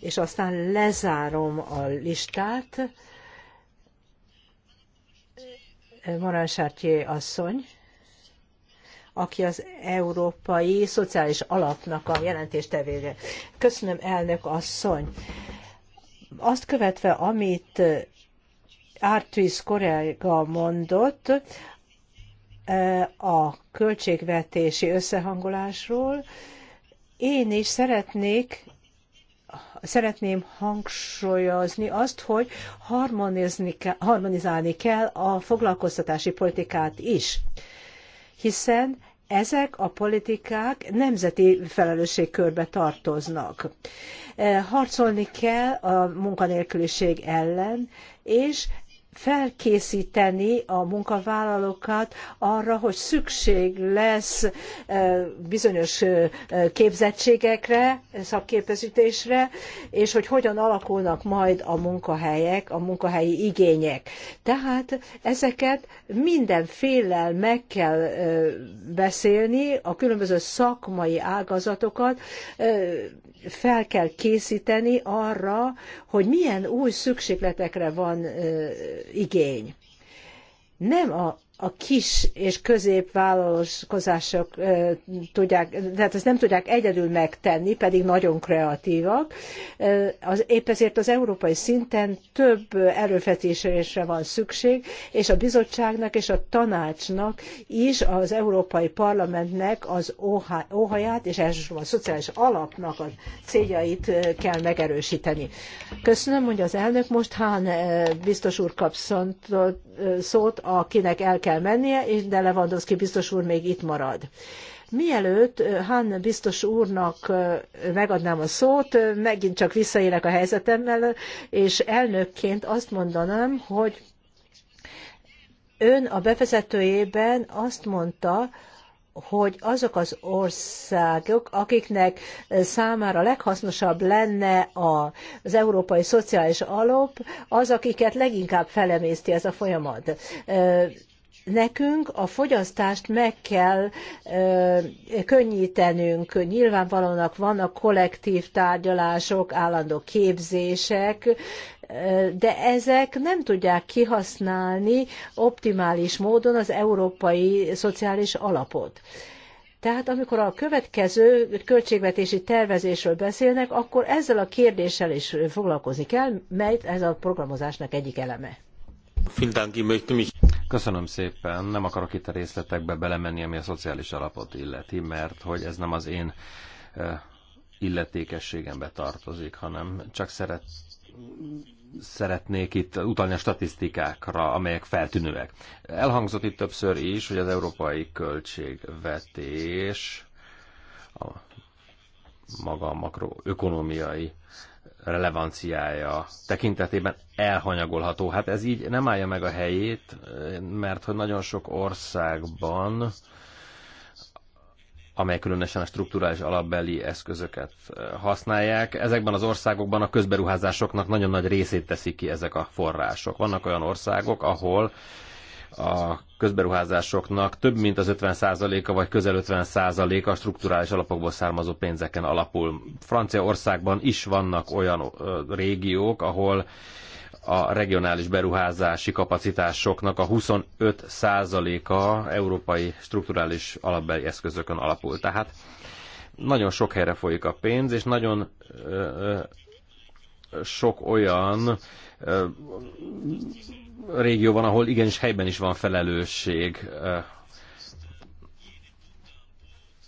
és aztán lezárom a listát. Morin Sartier asszony aki az Európai Szociális Alapnak a jelentéstevége. Köszönöm, elnök asszony! Azt követve, amit Ártűz korega mondott eh, a költségvetési összehangolásról. Én is szeretnék szeretném hangsúlyozni azt, hogy harmonizálni kell a foglalkoztatási politikát is, hiszen ezek a politikák nemzeti felelősségkörbe tartoznak. Eh, harcolni kell a munkanélküliség ellen, és felkészíteni a munkavállalókat arra, hogy szükség lesz bizonyos képzettségekre, szakképesítésre, és hogy hogyan alakulnak majd a munkahelyek, a munkahelyi igények. Tehát ezeket minden féllel meg kell beszélni, a különböző szakmai ágazatokat fel kell készíteni arra, hogy milyen új szükségletekre van igény. Nem a a kis és középvállalkozások tudják, tehát ezt nem tudják egyedül megtenni, pedig nagyon kreatívak. Az, épp ezért az európai szinten több erőfetésre van szükség, és a bizottságnak és a tanácsnak is az Európai Parlamentnek az óhaját, és elsősorban a szociális alapnak a céljait kell megerősíteni. Köszönöm, hogy az elnök most Hán biztos úr kap szót, akinek el kell kell mennie, és de Lewandowski biztos úr még itt marad. Mielőtt Hán biztos úrnak megadnám a szót, megint csak visszaélek a helyzetemmel, és elnökként azt mondanám, hogy ön a bevezetőjében azt mondta, hogy azok az országok, akiknek számára leghasznosabb lenne az Európai Szociális Alap, az, akiket leginkább felemészti ez a folyamat nekünk a fogyasztást meg kell ö, könnyítenünk. Nyilvánvalónak vannak kollektív tárgyalások, állandó képzések, de ezek nem tudják kihasználni optimális módon az európai szociális alapot. Tehát amikor a következő költségvetési tervezésről beszélnek, akkor ezzel a kérdéssel is foglalkozni kell, mert ez a programozásnak egyik eleme. Köszönöm szépen. Nem akarok itt a részletekbe belemenni, ami a szociális alapot illeti, mert hogy ez nem az én illetékességembe tartozik, hanem csak szeret, szeretnék itt utalni a statisztikákra, amelyek feltűnőek. Elhangzott itt többször is, hogy az európai költségvetés a maga a makroökonomiai relevanciája tekintetében elhanyagolható. Hát ez így nem állja meg a helyét, mert hogy nagyon sok országban amely különösen a strukturális alapbeli eszközöket eh, használják. Ezekben az országokban a közberuházásoknak nagyon nagy részét teszik ki ezek a források. Vannak olyan országok, ahol a közberuházásoknak több mint az 50%-a vagy közel 50%-a strukturális alapokból származó pénzeken alapul. Franciaországban is vannak olyan régiók, ahol a regionális beruházási kapacitásoknak a 25%-a európai strukturális alapbeli eszközökön alapul. Tehát nagyon sok helyre folyik a pénz, és nagyon sok olyan régió van, ahol igenis helyben is van felelősség.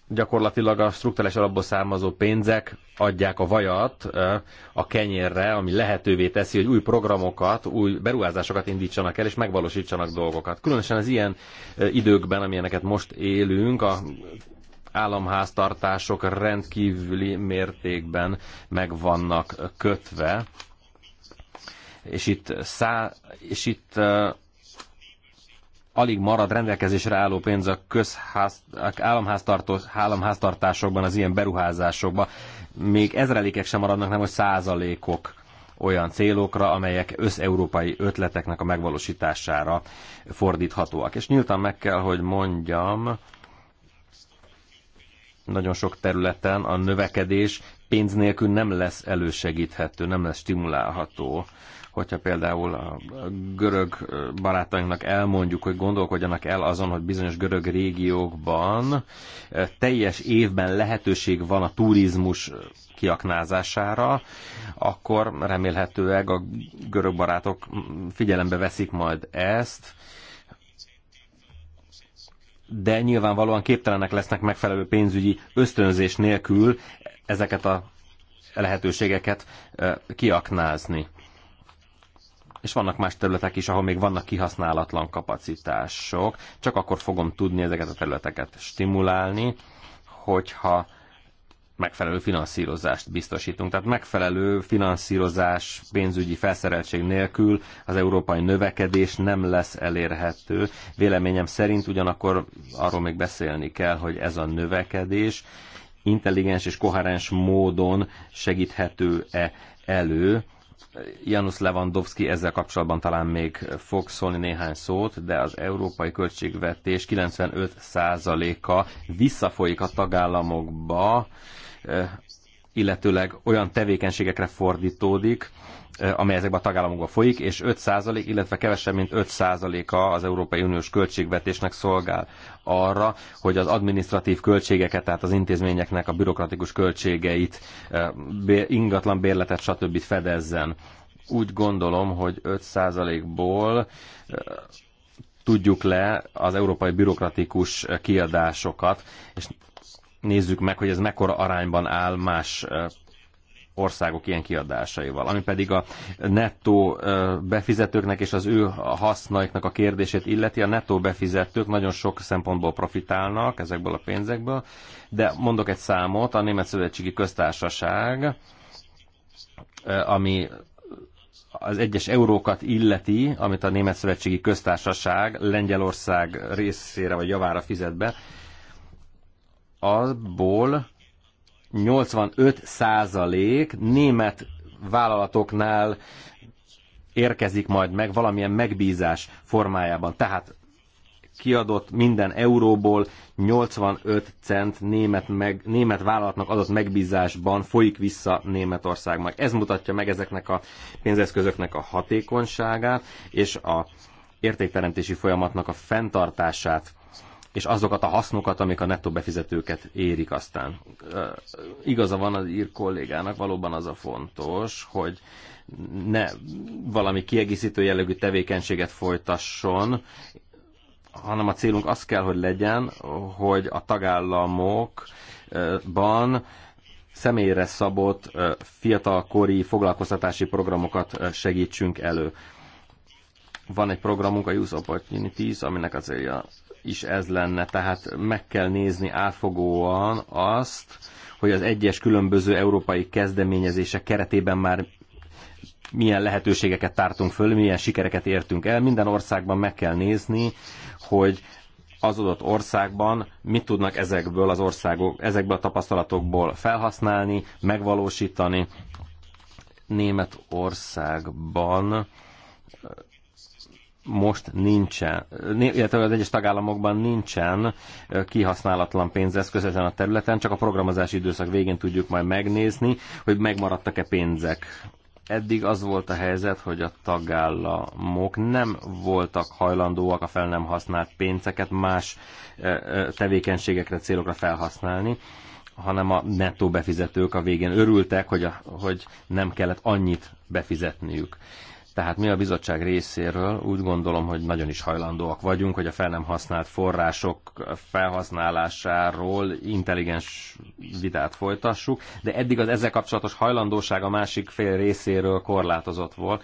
Gyakorlatilag a struktúrás alapból származó pénzek adják a vajat eh, a kenyérre, ami lehetővé teszi, hogy új programokat, új beruházásokat indítsanak el, és megvalósítsanak dolgokat. Különösen az ilyen eh, időkben, amilyeneket most élünk, a államháztartások rendkívüli mértékben meg vannak kötve és itt, szá, és itt uh, alig marad rendelkezésre álló pénz a közház, államháztartásokban, az ilyen beruházásokban. Még ezrelékek sem maradnak, nem hogy százalékok olyan célokra, amelyek összeurópai ötleteknek a megvalósítására fordíthatóak. És nyíltan meg kell, hogy mondjam, nagyon sok területen a növekedés pénz nélkül nem lesz elősegíthető, nem lesz stimulálható. Hogyha például a görög barátainknak elmondjuk, hogy gondolkodjanak el azon, hogy bizonyos görög régiókban eh, teljes évben lehetőség van a turizmus kiaknázására, akkor remélhetőleg a görög barátok figyelembe veszik majd ezt, de nyilvánvalóan képtelenek lesznek megfelelő pénzügyi ösztönzés nélkül ezeket a lehetőségeket kiaknázni. És vannak más területek is, ahol még vannak kihasználatlan kapacitások. Csak akkor fogom tudni ezeket a területeket stimulálni, hogyha megfelelő finanszírozást biztosítunk. Tehát megfelelő finanszírozás pénzügyi felszereltség nélkül az európai növekedés nem lesz elérhető. Véleményem szerint ugyanakkor arról még beszélni kell, hogy ez a növekedés intelligens és koherens módon segíthető-e elő. Janusz Lewandowski ezzel kapcsolatban talán még fog szólni néhány szót, de az európai költségvetés 95%-a visszafolyik a tagállamokba, illetőleg olyan tevékenységekre fordítódik, amely ezekben a tagállamokban folyik, és 5%, illetve kevesebb, mint 5%-a az Európai Uniós költségvetésnek szolgál arra, hogy az administratív költségeket, tehát az intézményeknek a bürokratikus költségeit, ingatlan bérletet, stb. fedezzen. Úgy gondolom, hogy 5%-ból tudjuk le az európai bürokratikus kiadásokat, és nézzük meg, hogy ez mekkora arányban áll más országok ilyen kiadásaival. Ami pedig a nettó befizetőknek és az ő hasznaiknak a kérdését illeti, a nettó befizetők nagyon sok szempontból profitálnak ezekből a pénzekből, de mondok egy számot, a Német Szövetségi Köztársaság, ami az egyes eurókat illeti, amit a Német Szövetségi Köztársaság Lengyelország részére vagy javára fizet be, abból 85 százalék német vállalatoknál érkezik majd meg valamilyen megbízás formájában. Tehát kiadott minden euróból 85 cent német, meg, német vállalatnak adott megbízásban folyik vissza Németországnak. Ez mutatja meg ezeknek a pénzeszközöknek a hatékonyságát és a értékteremtési folyamatnak a fenntartását és azokat a hasznokat, amik a nettó befizetőket érik aztán. Igaza van az ír kollégának, valóban az a fontos, hogy ne valami kiegészítő jellegű tevékenységet folytasson, hanem a célunk az kell, hogy legyen, hogy a tagállamokban személyre szabott fiatalkori foglalkoztatási programokat segítsünk elő. Van egy programunk, a Youth Opportunities, aminek a célja is ez lenne. Tehát meg kell nézni átfogóan azt, hogy az egyes különböző európai kezdeményezések keretében már milyen lehetőségeket tártunk föl, milyen sikereket értünk el. Minden országban meg kell nézni, hogy az adott országban mit tudnak ezekből az országok, ezekből a tapasztalatokból felhasználni, megvalósítani. Németországban most nincsen, illetve az egyes tagállamokban nincsen kihasználatlan pénzeszköz ezen a területen, csak a programozási időszak végén tudjuk majd megnézni, hogy megmaradtak-e pénzek. Eddig az volt a helyzet, hogy a tagállamok nem voltak hajlandóak a fel nem használt pénzeket más tevékenységekre, célokra felhasználni hanem a nettó befizetők a végén örültek, hogy, a, hogy nem kellett annyit befizetniük. Tehát mi a bizottság részéről úgy gondolom, hogy nagyon is hajlandóak vagyunk, hogy a fel nem használt források felhasználásáról intelligens vitát folytassuk, de eddig az ezzel kapcsolatos hajlandóság a másik fél részéről korlátozott volt.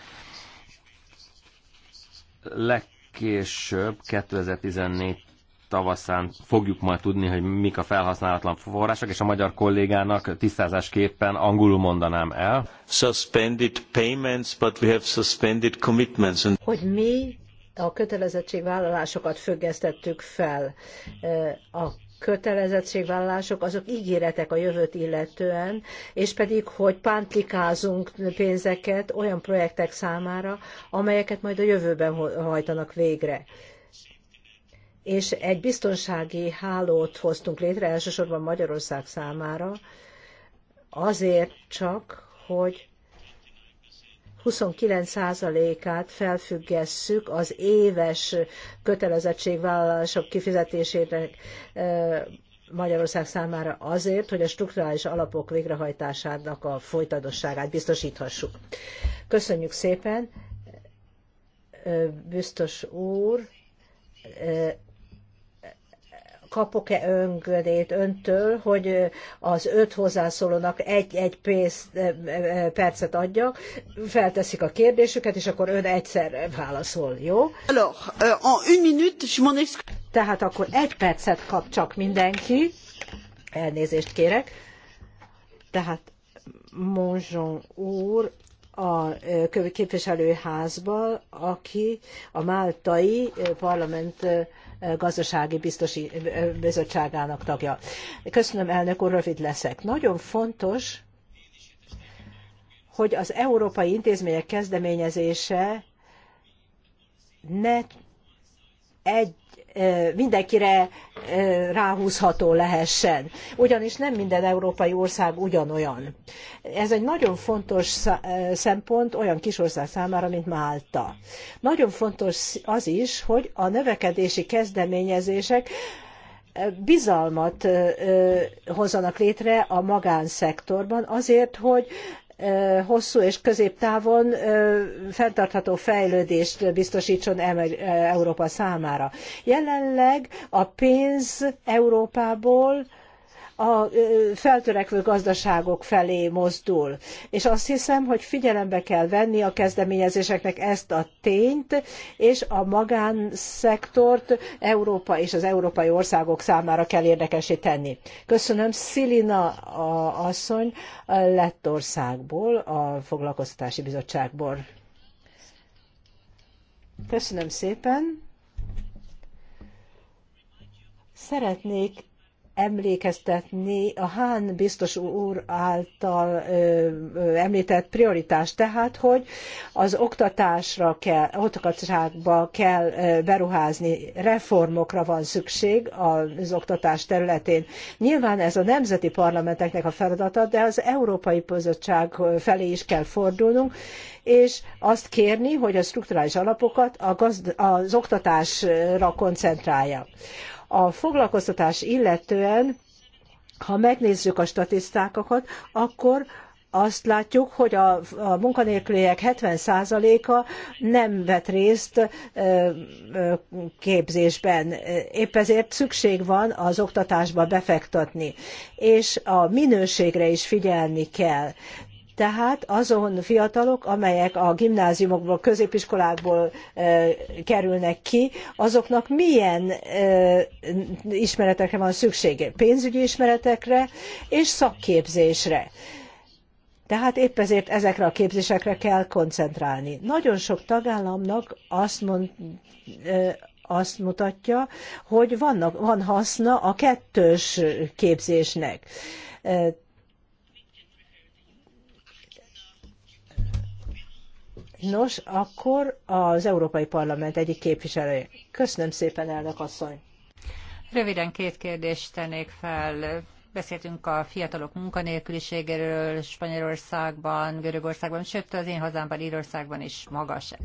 Legkésőbb 2014 tavaszán fogjuk majd tudni, hogy mik a felhasználatlan források, és a magyar kollégának tisztázásképpen angolul mondanám el. Suspended payments, but we have suspended commitments. Hogy mi a kötelezettségvállalásokat függesztettük fel. A kötelezettségvállalások azok ígéretek a jövőt illetően, és pedig, hogy pántlikázunk pénzeket olyan projektek számára, amelyeket majd a jövőben hajtanak végre és egy biztonsági hálót hoztunk létre, elsősorban Magyarország számára, azért csak, hogy 29%-át felfüggesszük az éves kötelezettségvállalások kifizetésének Magyarország számára azért, hogy a strukturális alapok végrehajtásának a folytatosságát biztosíthassuk. Köszönjük szépen, biztos úr, kapok-e öngödét öntől, hogy az öt hozzászólónak egy-egy percet adjak, felteszik a kérdésüket, és akkor ön egyszer válaszol, jó? Alors, euh, en une minute, je m'en Tehát akkor egy percet kap csak mindenki. Elnézést kérek. Tehát Monzson úr a képviselőházban, aki a máltai parlament gazdasági biztosi bizottságának tagja. Köszönöm, elnök úr, rövid leszek. Nagyon fontos, hogy az európai intézmények kezdeményezése ne egy mindenkire ráhúzható lehessen. Ugyanis nem minden európai ország ugyanolyan. Ez egy nagyon fontos szempont olyan kis ország számára, mint Málta. Nagyon fontos az is, hogy a növekedési kezdeményezések bizalmat hozzanak létre a magánszektorban azért, hogy hosszú és középtávon fenntartható fejlődést biztosítson Európa számára. Jelenleg a pénz Európából a feltörekvő gazdaságok felé mozdul. És azt hiszem, hogy figyelembe kell venni a kezdeményezéseknek ezt a tényt, és a magánszektort Európa és az európai országok számára kell érdekesé tenni. Köszönöm Szilina asszony Lettországból, a Foglalkoztatási Bizottságból. Köszönöm szépen. Szeretnék emlékeztetni a Hán biztos úr által említett prioritás, tehát, hogy az oktatásra kell, oktatásba kell beruházni, reformokra van szükség az oktatás területén. Nyilván ez a nemzeti parlamenteknek a feladata, de az Európai Bizottság felé is kell fordulnunk, és azt kérni, hogy a strukturális alapokat az oktatásra koncentrálja. A foglalkoztatás illetően, ha megnézzük a statisztikákat, akkor azt látjuk, hogy a, a munkanélküliek 70%-a nem vett részt képzésben. Épp ezért szükség van az oktatásba befektetni, és a minőségre is figyelni kell. Tehát azon fiatalok, amelyek a gimnáziumokból, középiskolákból kerülnek ki, azoknak milyen ismeretekre van szüksége? Pénzügyi ismeretekre és szakképzésre. Tehát épp ezért ezekre a képzésekre kell koncentrálni. Nagyon sok tagállamnak azt, mond, azt mutatja, hogy vannak, van haszna a kettős képzésnek Nos, akkor az Európai Parlament egyik képviselője. Köszönöm szépen, elnök asszony. Röviden két kérdést tennék fel beszéltünk a fiatalok munkanélküliségéről Spanyolországban, Görögországban, sőt az én hazámban, Írországban is magas ez.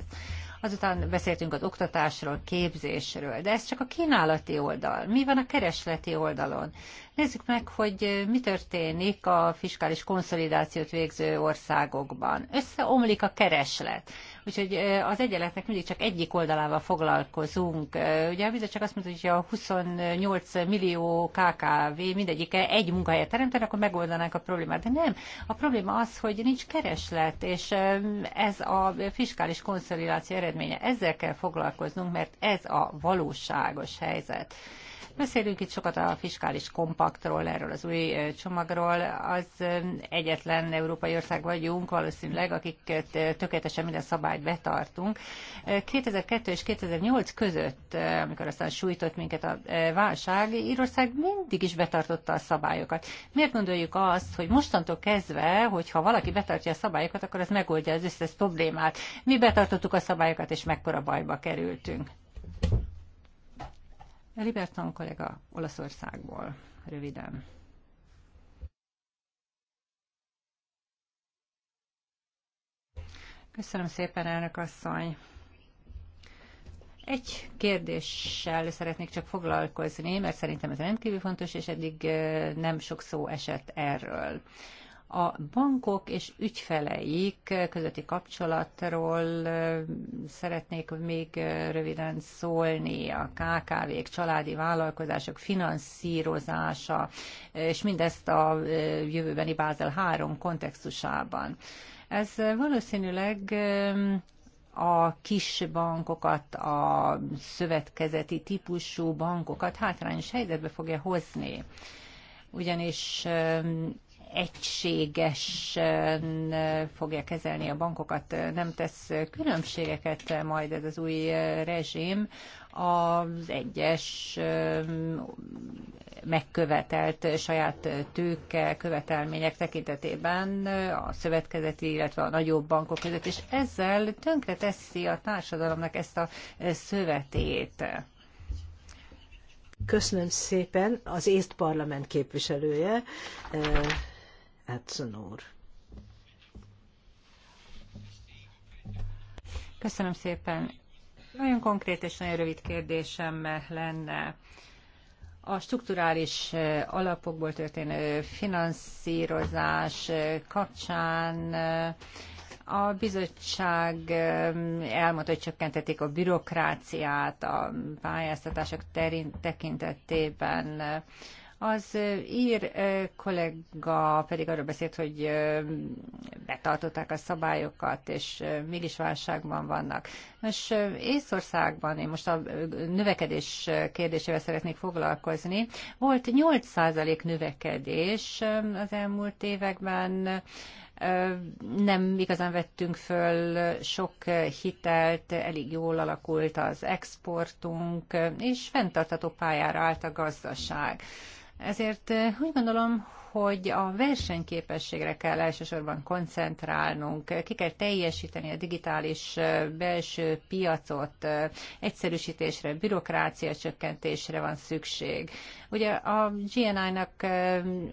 Azután beszéltünk az oktatásról, képzésről, de ez csak a kínálati oldal. Mi van a keresleti oldalon? Nézzük meg, hogy mi történik a fiskális konszolidációt végző országokban. Összeomlik a kereslet. Úgyhogy az egyenletnek mindig csak egyik oldalával foglalkozunk. Ugye a bizottság azt mondta, hogy a 28 millió KKV mindegyike egy munkahelyet teremtene, akkor megoldanák a problémát. De nem. A probléma az, hogy nincs kereslet, és ez a fiskális konszolidáció eredménye. Ezzel kell foglalkoznunk, mert ez a valóságos helyzet. Beszélünk itt sokat a fiskális kompaktról, erről az új csomagról. Az egyetlen európai ország vagyunk valószínűleg, akik tökéletesen minden szabályt betartunk. 2002 és 2008 között, amikor aztán sújtott minket a válság, Írország mindig is betartotta a szabályokat. Miért gondoljuk azt, hogy mostantól kezdve, hogyha valaki betartja a szabályokat, akkor ez megoldja az összes problémát. Mi betartottuk a szabályokat, és mekkora bajba kerültünk. Liberton kollega Olaszországból, röviden. Köszönöm szépen, elnök asszony. Egy kérdéssel szeretnék csak foglalkozni, mert szerintem ez rendkívül fontos, és eddig nem sok szó esett erről a bankok és ügyfeleik közötti kapcsolatról szeretnék még röviden szólni, a KKV-k, családi vállalkozások finanszírozása, és mindezt a jövőbeni Bázel 3 kontextusában. Ez valószínűleg a kis bankokat, a szövetkezeti típusú bankokat hátrányos helyzetbe fogja hozni ugyanis egységesen fogja kezelni a bankokat, nem tesz különbségeket majd ez az új rezsim az egyes megkövetelt saját tőke követelmények tekintetében a szövetkezeti, illetve a nagyobb bankok között, és ezzel tönkre teszi a társadalomnak ezt a szövetét. Köszönöm szépen az észt parlament képviselője, Edson úr. Köszönöm szépen. Nagyon konkrét és nagyon rövid kérdésem lenne. A strukturális eh, alapokból történő finanszírozás eh, kapcsán eh, a bizottság elmondta, hogy csökkentették a bürokráciát a pályáztatások tekintetében. Az ír kollega pedig arról beszélt, hogy betartották a szabályokat, és mégis válságban vannak. Most Észországban, én most a növekedés kérdésével szeretnék foglalkozni, volt 8% növekedés az elmúlt években, nem igazán vettünk föl sok hitelt, elég jól alakult az exportunk, és fenntartató pályára állt a gazdaság. Ezért eh, úgy gondolom, hogy a versenyképességre kell elsősorban koncentrálnunk, ki kell teljesíteni a digitális belső piacot, egyszerűsítésre, bürokrácia csökkentésre van szükség. Ugye a GNI-nak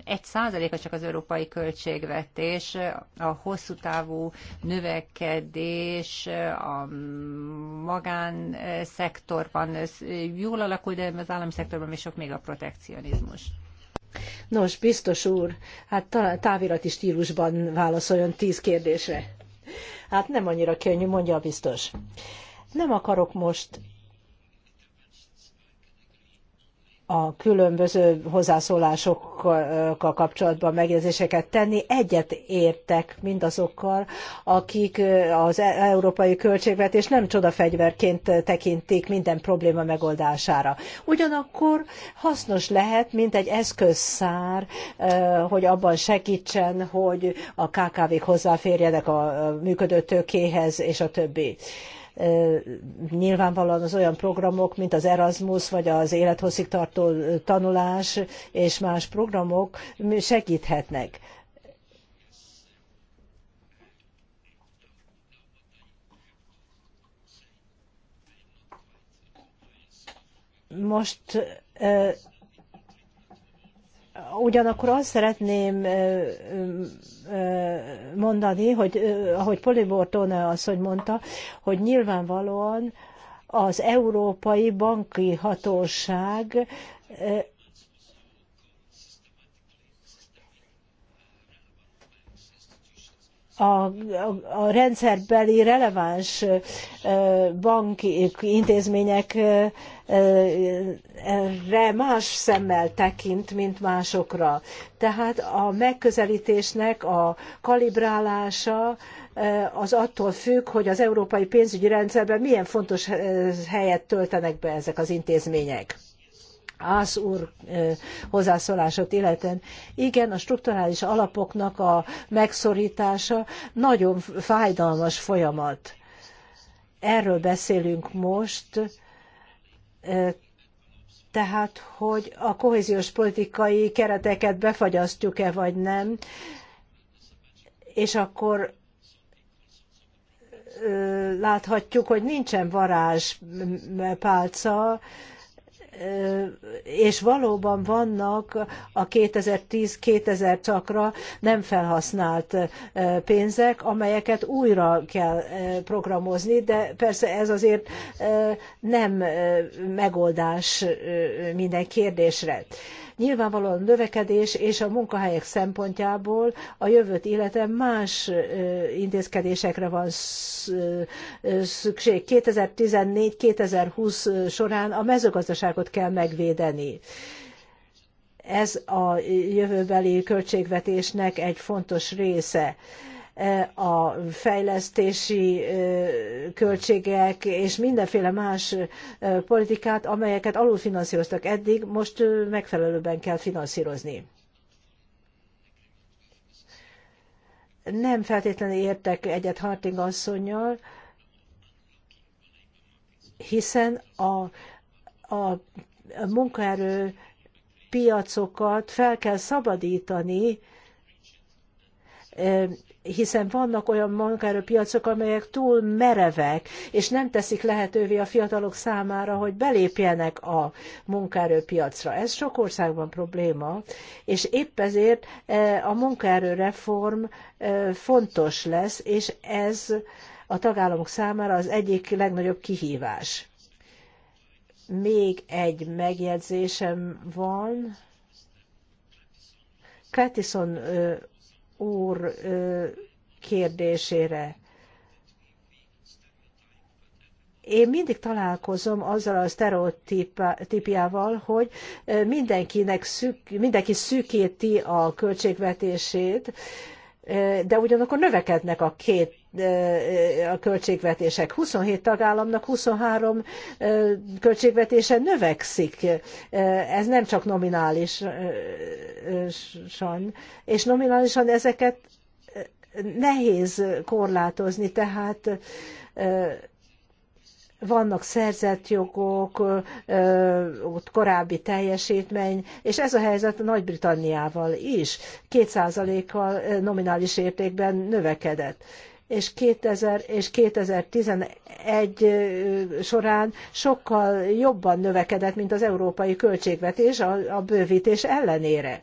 egy százaléka csak az európai költségvetés, a hosszú távú növekedés a magánszektorban jól alakul, de az állami szektorban még sok még a protekcionizmus. Nos, biztos úr, hát távirati stílusban válaszoljon tíz kérdésre. Hát nem annyira könnyű, mondja a biztos. Nem akarok most a különböző hozzászólásokkal kapcsolatban megjegyzéseket tenni. Egyet értek mindazokkal, akik az e- európai költségvetés nem csodafegyverként tekintik minden probléma megoldására. Ugyanakkor hasznos lehet, mint egy eszközszár, hogy abban segítsen, hogy a KKV-k hozzáférjenek a működő tőkéhez és a többi nyilvánvalóan az olyan programok, mint az Erasmus, vagy az tartó tanulás és más programok segíthetnek. Most Ugyanakkor azt szeretném mondani, hogy ahogy Polibortone asszony mondta, hogy nyilvánvalóan az Európai Banki Hatóság a, a rendszerbeli releváns banki intézményekre más szemmel tekint, mint másokra. Tehát a megközelítésnek a kalibrálása az attól függ, hogy az európai pénzügyi rendszerben milyen fontos helyet töltenek be ezek az intézmények. Ász úr hozzászólásot illetően. Igen, a strukturális alapoknak a megszorítása nagyon fájdalmas folyamat. Erről beszélünk most, tehát, hogy a kohéziós politikai kereteket befagyasztjuk-e vagy nem, és akkor láthatjuk, hogy nincsen varázspálca, és valóban vannak a 2010-2000 csakra nem felhasznált pénzek, amelyeket újra kell programozni, de persze ez azért nem megoldás minden kérdésre. Nyilvánvalóan a növekedés és a munkahelyek szempontjából a jövőt illetően más intézkedésekre van szükség. 2014-2020 során a mezőgazdaságot kell megvédeni ez a jövőbeli költségvetésnek egy fontos része a fejlesztési költségek és mindenféle más politikát, amelyeket alulfinanszíroztak eddig, most megfelelőben kell finanszírozni. Nem feltétlenül értek egyet Harting asszonynal, hiszen a, a munkaerő piacokat fel kell szabadítani hiszen vannak olyan munkaerőpiacok, amelyek túl merevek, és nem teszik lehetővé a fiatalok számára, hogy belépjenek a munkaerőpiacra. Ez sok országban probléma, és épp ezért e, a munkaerőreform e, fontos lesz, és ez a tagállamok számára az egyik legnagyobb kihívás. Még egy megjegyzésem van. Kretison úr kérdésére. Én mindig találkozom azzal a sztereotípiával, hogy mindenkinek szük, mindenki szűkíti a költségvetését, de ugyanakkor növekednek a két a költségvetések. 27 tagállamnak 23 költségvetése növekszik. Ez nem csak nominálisan. És nominálisan ezeket nehéz korlátozni, tehát vannak szerzett jogok, korábbi teljesítmény, és ez a helyzet Nagy-Britanniával is. 2%-kal nominális értékben növekedett és 2000 és 2011 során sokkal jobban növekedett, mint az európai költségvetés a, a bővítés ellenére.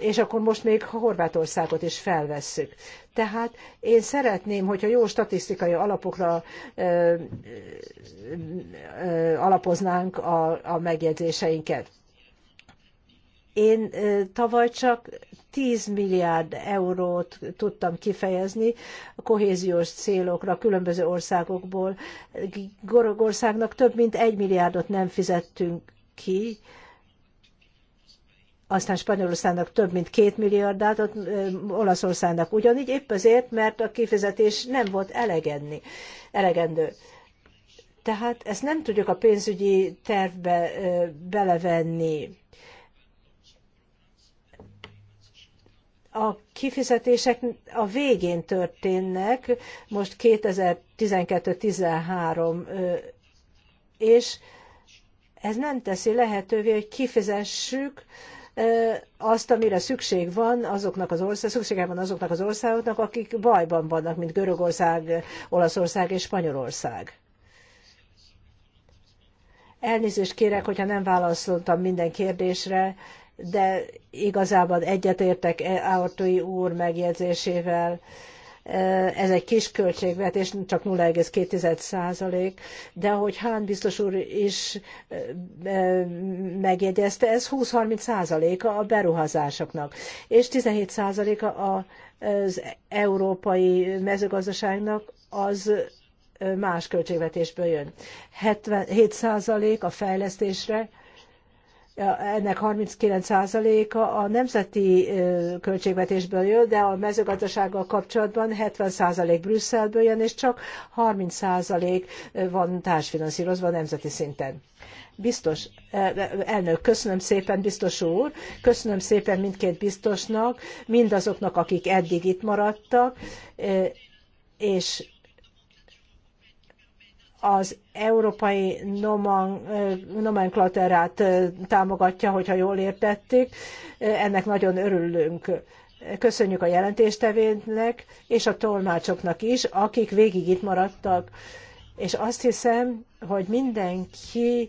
És akkor most még Horvátországot is felvesszük. Tehát én szeretném, hogyha jó statisztikai alapokra ö, ö, alapoznánk a, a megjegyzéseinket. Én tavaly csak 10 milliárd eurót tudtam kifejezni a kohéziós célokra különböző országokból. Gorogországnak több mint 1 milliárdot nem fizettünk ki, aztán Spanyolországnak több mint két milliárdát, Olaszországnak ugyanígy, épp azért, mert a kifizetés nem volt elegedni, elegendő. Tehát ezt nem tudjuk a pénzügyi tervbe belevenni a kifizetések a végén történnek, most 2012-13, és ez nem teszi lehetővé, hogy kifizessük azt, amire szükség van azoknak az ország, van azoknak az országoknak, akik bajban vannak, mint Görögország, Olaszország és Spanyolország. Elnézést kérek, hogyha nem válaszoltam minden kérdésre, de igazából egyetértek Ártói e- úr megjegyzésével, e, ez egy kis költségvetés, csak 0,2 százalék, de ahogy Hán biztos úr is e, megjegyezte, ez 20-30 százaléka a beruházásoknak, és 17 százaléka az európai mezőgazdaságnak az más költségvetésből jön. 77 százalék a fejlesztésre, ennek 39%-a a nemzeti költségvetésből jön, de a mezőgazdasággal kapcsolatban 70% Brüsszelből jön, és csak 30% van társfinanszírozva nemzeti szinten. Biztos, elnök, köszönöm szépen, biztos úr, köszönöm szépen mindkét biztosnak, mindazoknak, akik eddig itt maradtak, és az európai nomenklatérát támogatja, hogyha jól értettük, Ennek nagyon örülünk. Köszönjük a jelentéstevének és a tolmácsoknak is, akik végig itt maradtak. És azt hiszem, hogy mindenki